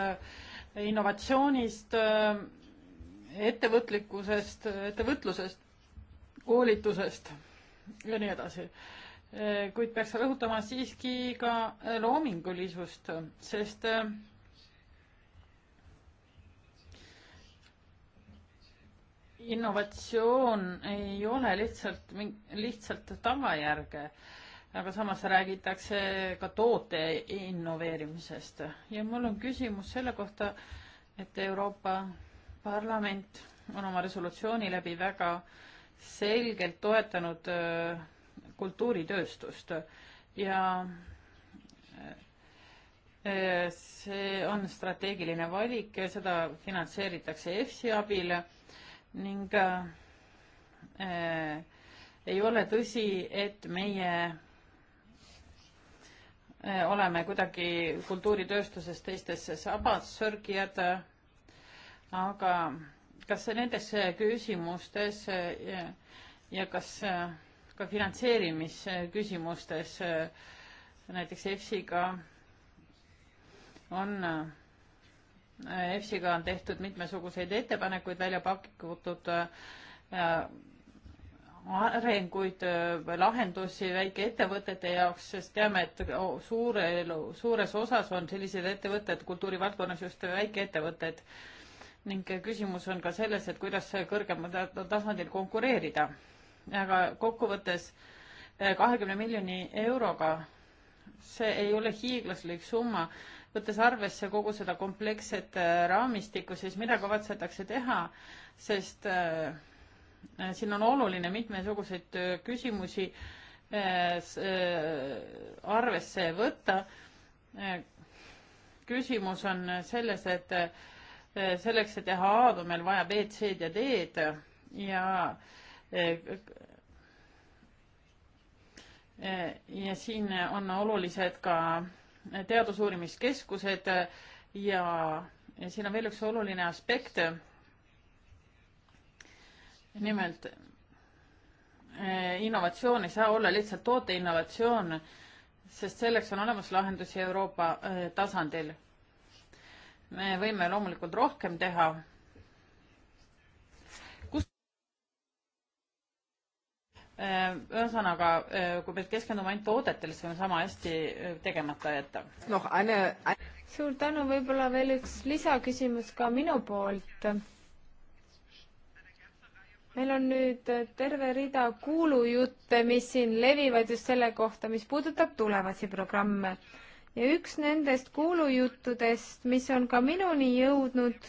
innovatsioonist, ettevõtlikkusest, ettevõtlusest, koolitusest ja nii edasi. kuid peaks rõhutama siiski ka loomingulisust, sest innovatsioon ei ole lihtsalt, lihtsalt tagajärge, aga samas räägitakse ka toote innoveerimisest ja mul on küsimus selle kohta, et Euroopa Parlament on oma resolutsiooni läbi väga selgelt toetanud äh, kultuuritööstust ja äh, äh, see on strateegiline valik, seda finantseeritakse EFSI abil ning äh, ei ole tõsi, et meie äh, oleme kuidagi kultuuritööstuses teistesse sabatsörgijad, aga kas nendes küsimustes ja, äh, ja kas äh, ka finantseerimisküsimustes äh, näiteks EFSiga on EFSiga on tehtud mitmesuguseid ettepanekuid, välja pakutud äh, arenguid, äh, lahendusi väikeettevõtete jaoks, sest teame, et suurel, suures osas on sellised ettevõtted kultuurivaldkonnas just väikeettevõtted ning küsimus on ka selles, et kuidas kõrgemal tasandil konkureerida. aga kokkuvõttes äh, kahekümne miljoni euroga, see ei ole hiiglaslik summa võttes arvesse kogu seda kompleksset äh, raamistikku, siis mida kavatsetakse teha, sest äh, äh, siin on oluline mitmesuguseid küsimusi arvesse võtta. küsimus on selles, et selleks, et teha A-d, on meil vaja B-d, C-d ja D-d ja ja siin on olulised ka teadusuurimiskeskused äh, ja, ja siin on veel üks oluline aspekt. nimelt äh, innovatsioon ei saa olla lihtsalt tooteinnovatsioon, sest selleks on olemas lahendusi Euroopa äh, tasandil. me võime loomulikult rohkem teha Äh, ühesõnaga, äh, kui me keskendume ainult toodetele, siis võime sama hästi äh, tegemata jätta. noh, Anne. suur tänu, võib-olla veel üks lisaküsimus ka minu poolt. meil on nüüd terve rida kuulujutte, mis siin levivad just selle kohta, mis puudutab tulevasi programme. ja üks nendest kuulujuttudest, mis on ka minuni jõudnud,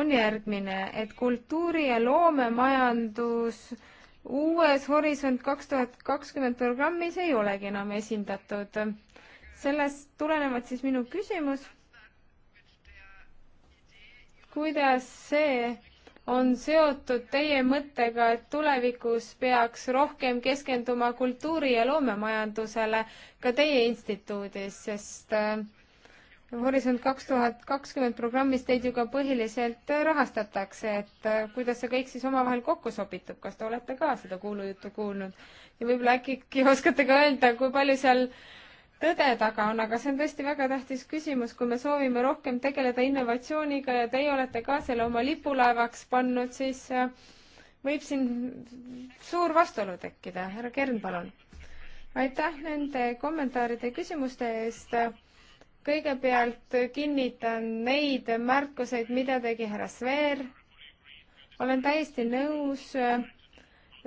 on järgmine, et kultuuri- ja loomemajandus uues Horisont kaks tuhat kakskümmend programmis ei olegi enam esindatud. sellest tulenevalt siis minu küsimus. kuidas see on seotud teie mõttega, et tulevikus peaks rohkem keskenduma kultuuri- ja loomemajandusele ka teie instituudis, sest äh, Horisont kaks tuhat kakskümmend programmis teid ju ka põhiliselt rahastatakse, et äh, kuidas see kõik siis omavahel kokku sobitub, kas te olete ka seda kuulujuttu kuulnud? ja võib-olla äkki oskate ka öelda, kui palju seal tõde taga on, aga see on tõesti väga tähtis küsimus, kui me soovime rohkem tegeleda innovatsiooniga ja teie olete ka selle oma lipulaevaks pannud, siis äh, võib siin suur vastuolu tekkida. härra Kern, palun. aitäh nende kommentaaride ja küsimuste eest kõigepealt kinnitan neid märkuseid, mida tegi härra Sveer. olen täiesti nõus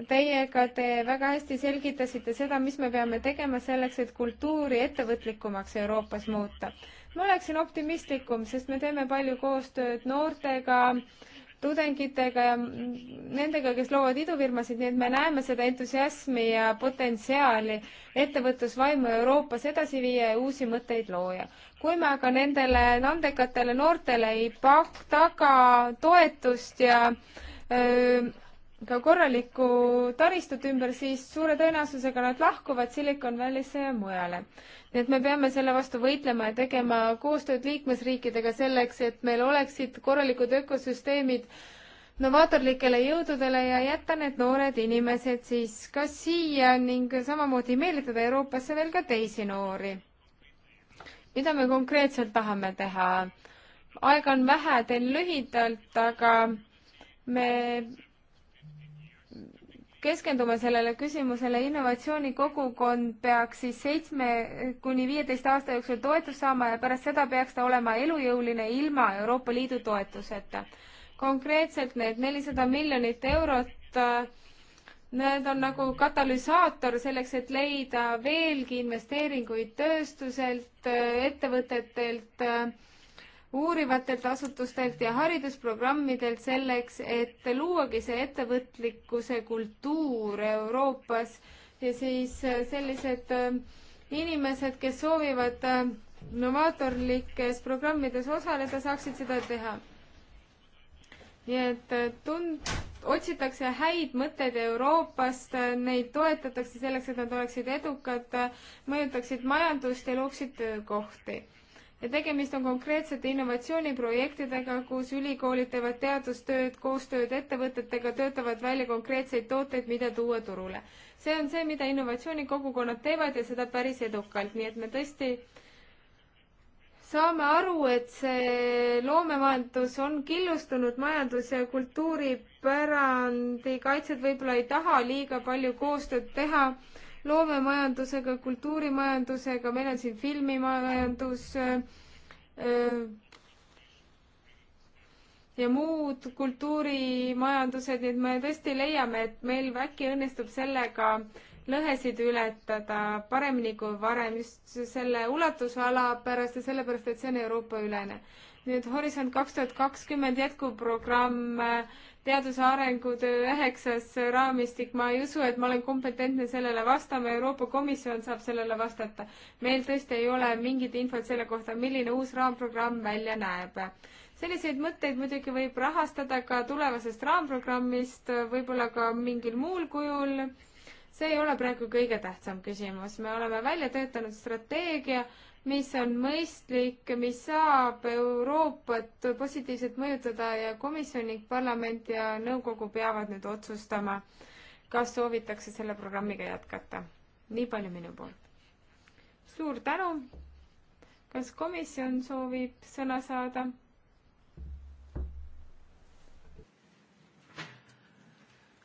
teiega, te väga hästi selgitasite seda, mis me peame tegema selleks, et kultuuri ettevõtlikumaks Euroopas muuta. ma oleksin optimistlikum, sest me teeme palju koostööd noortega, tudengitega ja nendega, kes loovad idufirmasid, nii et me näeme seda entusiasmi ja potentsiaali ettevõtlusvaimu Euroopas edasi viia ja uusi mõtteid looja. kui me aga nendele andekatele noortele ei pak-, taga toetust ja öö, ka korralikku taristut ümber, siis suure tõenäosusega nad lahkuvad Silicon Valley'sse ja mujale nii et me peame selle vastu võitlema ja tegema koostööd liikmesriikidega selleks, et meil oleksid korralikud ökosüsteemid novaatorlikele jõududele ja jätta need noored inimesed siis ka siia ning samamoodi meelitada Euroopasse veel ka teisi noori. mida me konkreetselt tahame teha? aega on vähe, teen lühidalt, aga me keskendume sellele küsimusele, innovatsioonikogukond peaks siis seitsme kuni viieteist aasta jooksul toetust saama ja pärast seda peaks ta olema elujõuline ilma Euroopa Liidu toetuseta. konkreetselt need nelisada miljonit eurot, äh, need on nagu katalüsaator selleks, et leida veelgi investeeringuid tööstuselt, äh, ettevõtetelt äh, uurivatelt asutustelt ja haridusprogrammidelt selleks, et luuagi see ettevõtlikkuse kultuur Euroopas ja siis äh, sellised äh, inimesed, kes soovivad äh, novaatorlikes programmides osaleda, saaksid seda teha. nii et tund-, otsitakse häid mõtteid Euroopast, neid toetatakse selleks, et nad oleksid edukad, mõjutaksid majandust ja looksid töökohti ja tegemist on konkreetsete innovatsiooniprojektidega, kus ülikoolid teevad teadustööd, koostööd ettevõtetega, töötavad välja konkreetseid tooteid, mida tuua turule. see on see, mida innovatsioonikogukonnad teevad ja seda päris edukalt, nii et me tõesti saame aru, et see loomemajandus on killustunud majandus ja kultuuripärandi kaitsjad võib-olla ei taha liiga palju koostööd teha loomemajandusega, kultuurimajandusega, meil on siin filmimajandus äh, ja muud kultuurimajandused, nii et me tõesti leiame, et meil äkki õnnestub sellega lõhesid ületada paremini kui varem just selle ulatusala pärast ja sellepärast, et see on Euroopa ülene. nüüd Horisont kaks tuhat kakskümmend jätkuprogramm äh, teaduse arengutöö üheksas raamistik, ma ei usu, et ma olen kompetentne sellele vastama, Euroopa Komisjon saab sellele vastata. meil tõesti ei ole mingit infot selle kohta, milline uus raamprogramm välja näeb. selliseid mõtteid muidugi võib rahastada ka tulevasest raamprogrammist, võib-olla ka mingil muul kujul. see ei ole praegu kõige tähtsam küsimus, me oleme välja töötanud strateegia mis on mõistlik, mis saab Euroopat positiivselt mõjutada ja komisjon ning parlament ja nõukogu peavad nüüd otsustama, kas soovitakse selle programmiga jätkata. nii palju minu poolt. suur tänu. kas komisjon soovib sõna saada?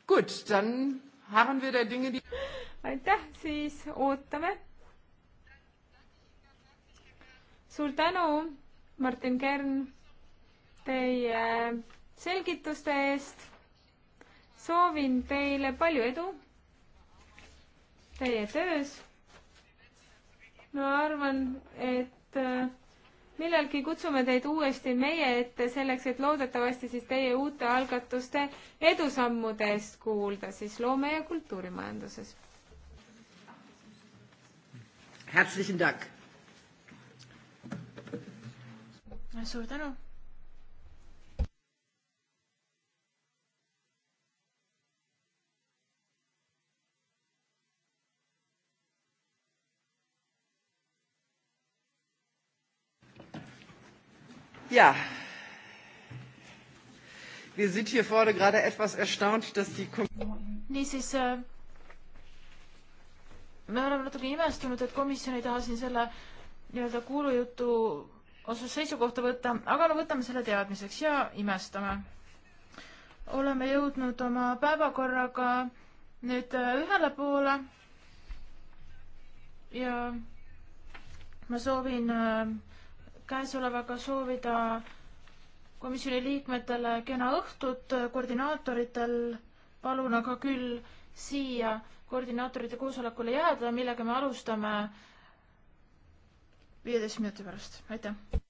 Gut, dann haben wir der Dinge, die. aitäh, siis ootame suur tänu, Martin Kern, teie selgituste eest. soovin teile palju edu teie töös. ma arvan, et äh, millalgi kutsume teid uuesti meie ette selleks, et loodetavasti siis teie uute algatuste edusammudest kuulda siis loome- ja kultuurimajanduses. Herzlichen Dank suur tänu. Ja, wir sind hier vorne gerade etwas erstaunt, dass die niisiis äh, me oleme natuke imestunud, et komisjon ei taha siin selle nii-öelda kuulujutu osas seisukohta võtta, aga no võtame selle teadmiseks ja imestame. oleme jõudnud oma päevakorraga nüüd äh, ühele poole ja ma soovin äh, käesolevaga soovida komisjoni liikmetele kena õhtut, koordinaatoritel palun aga küll siia koordinaatorite koosolekule jääda, millega me alustame viieteist minuti pärast, aitäh!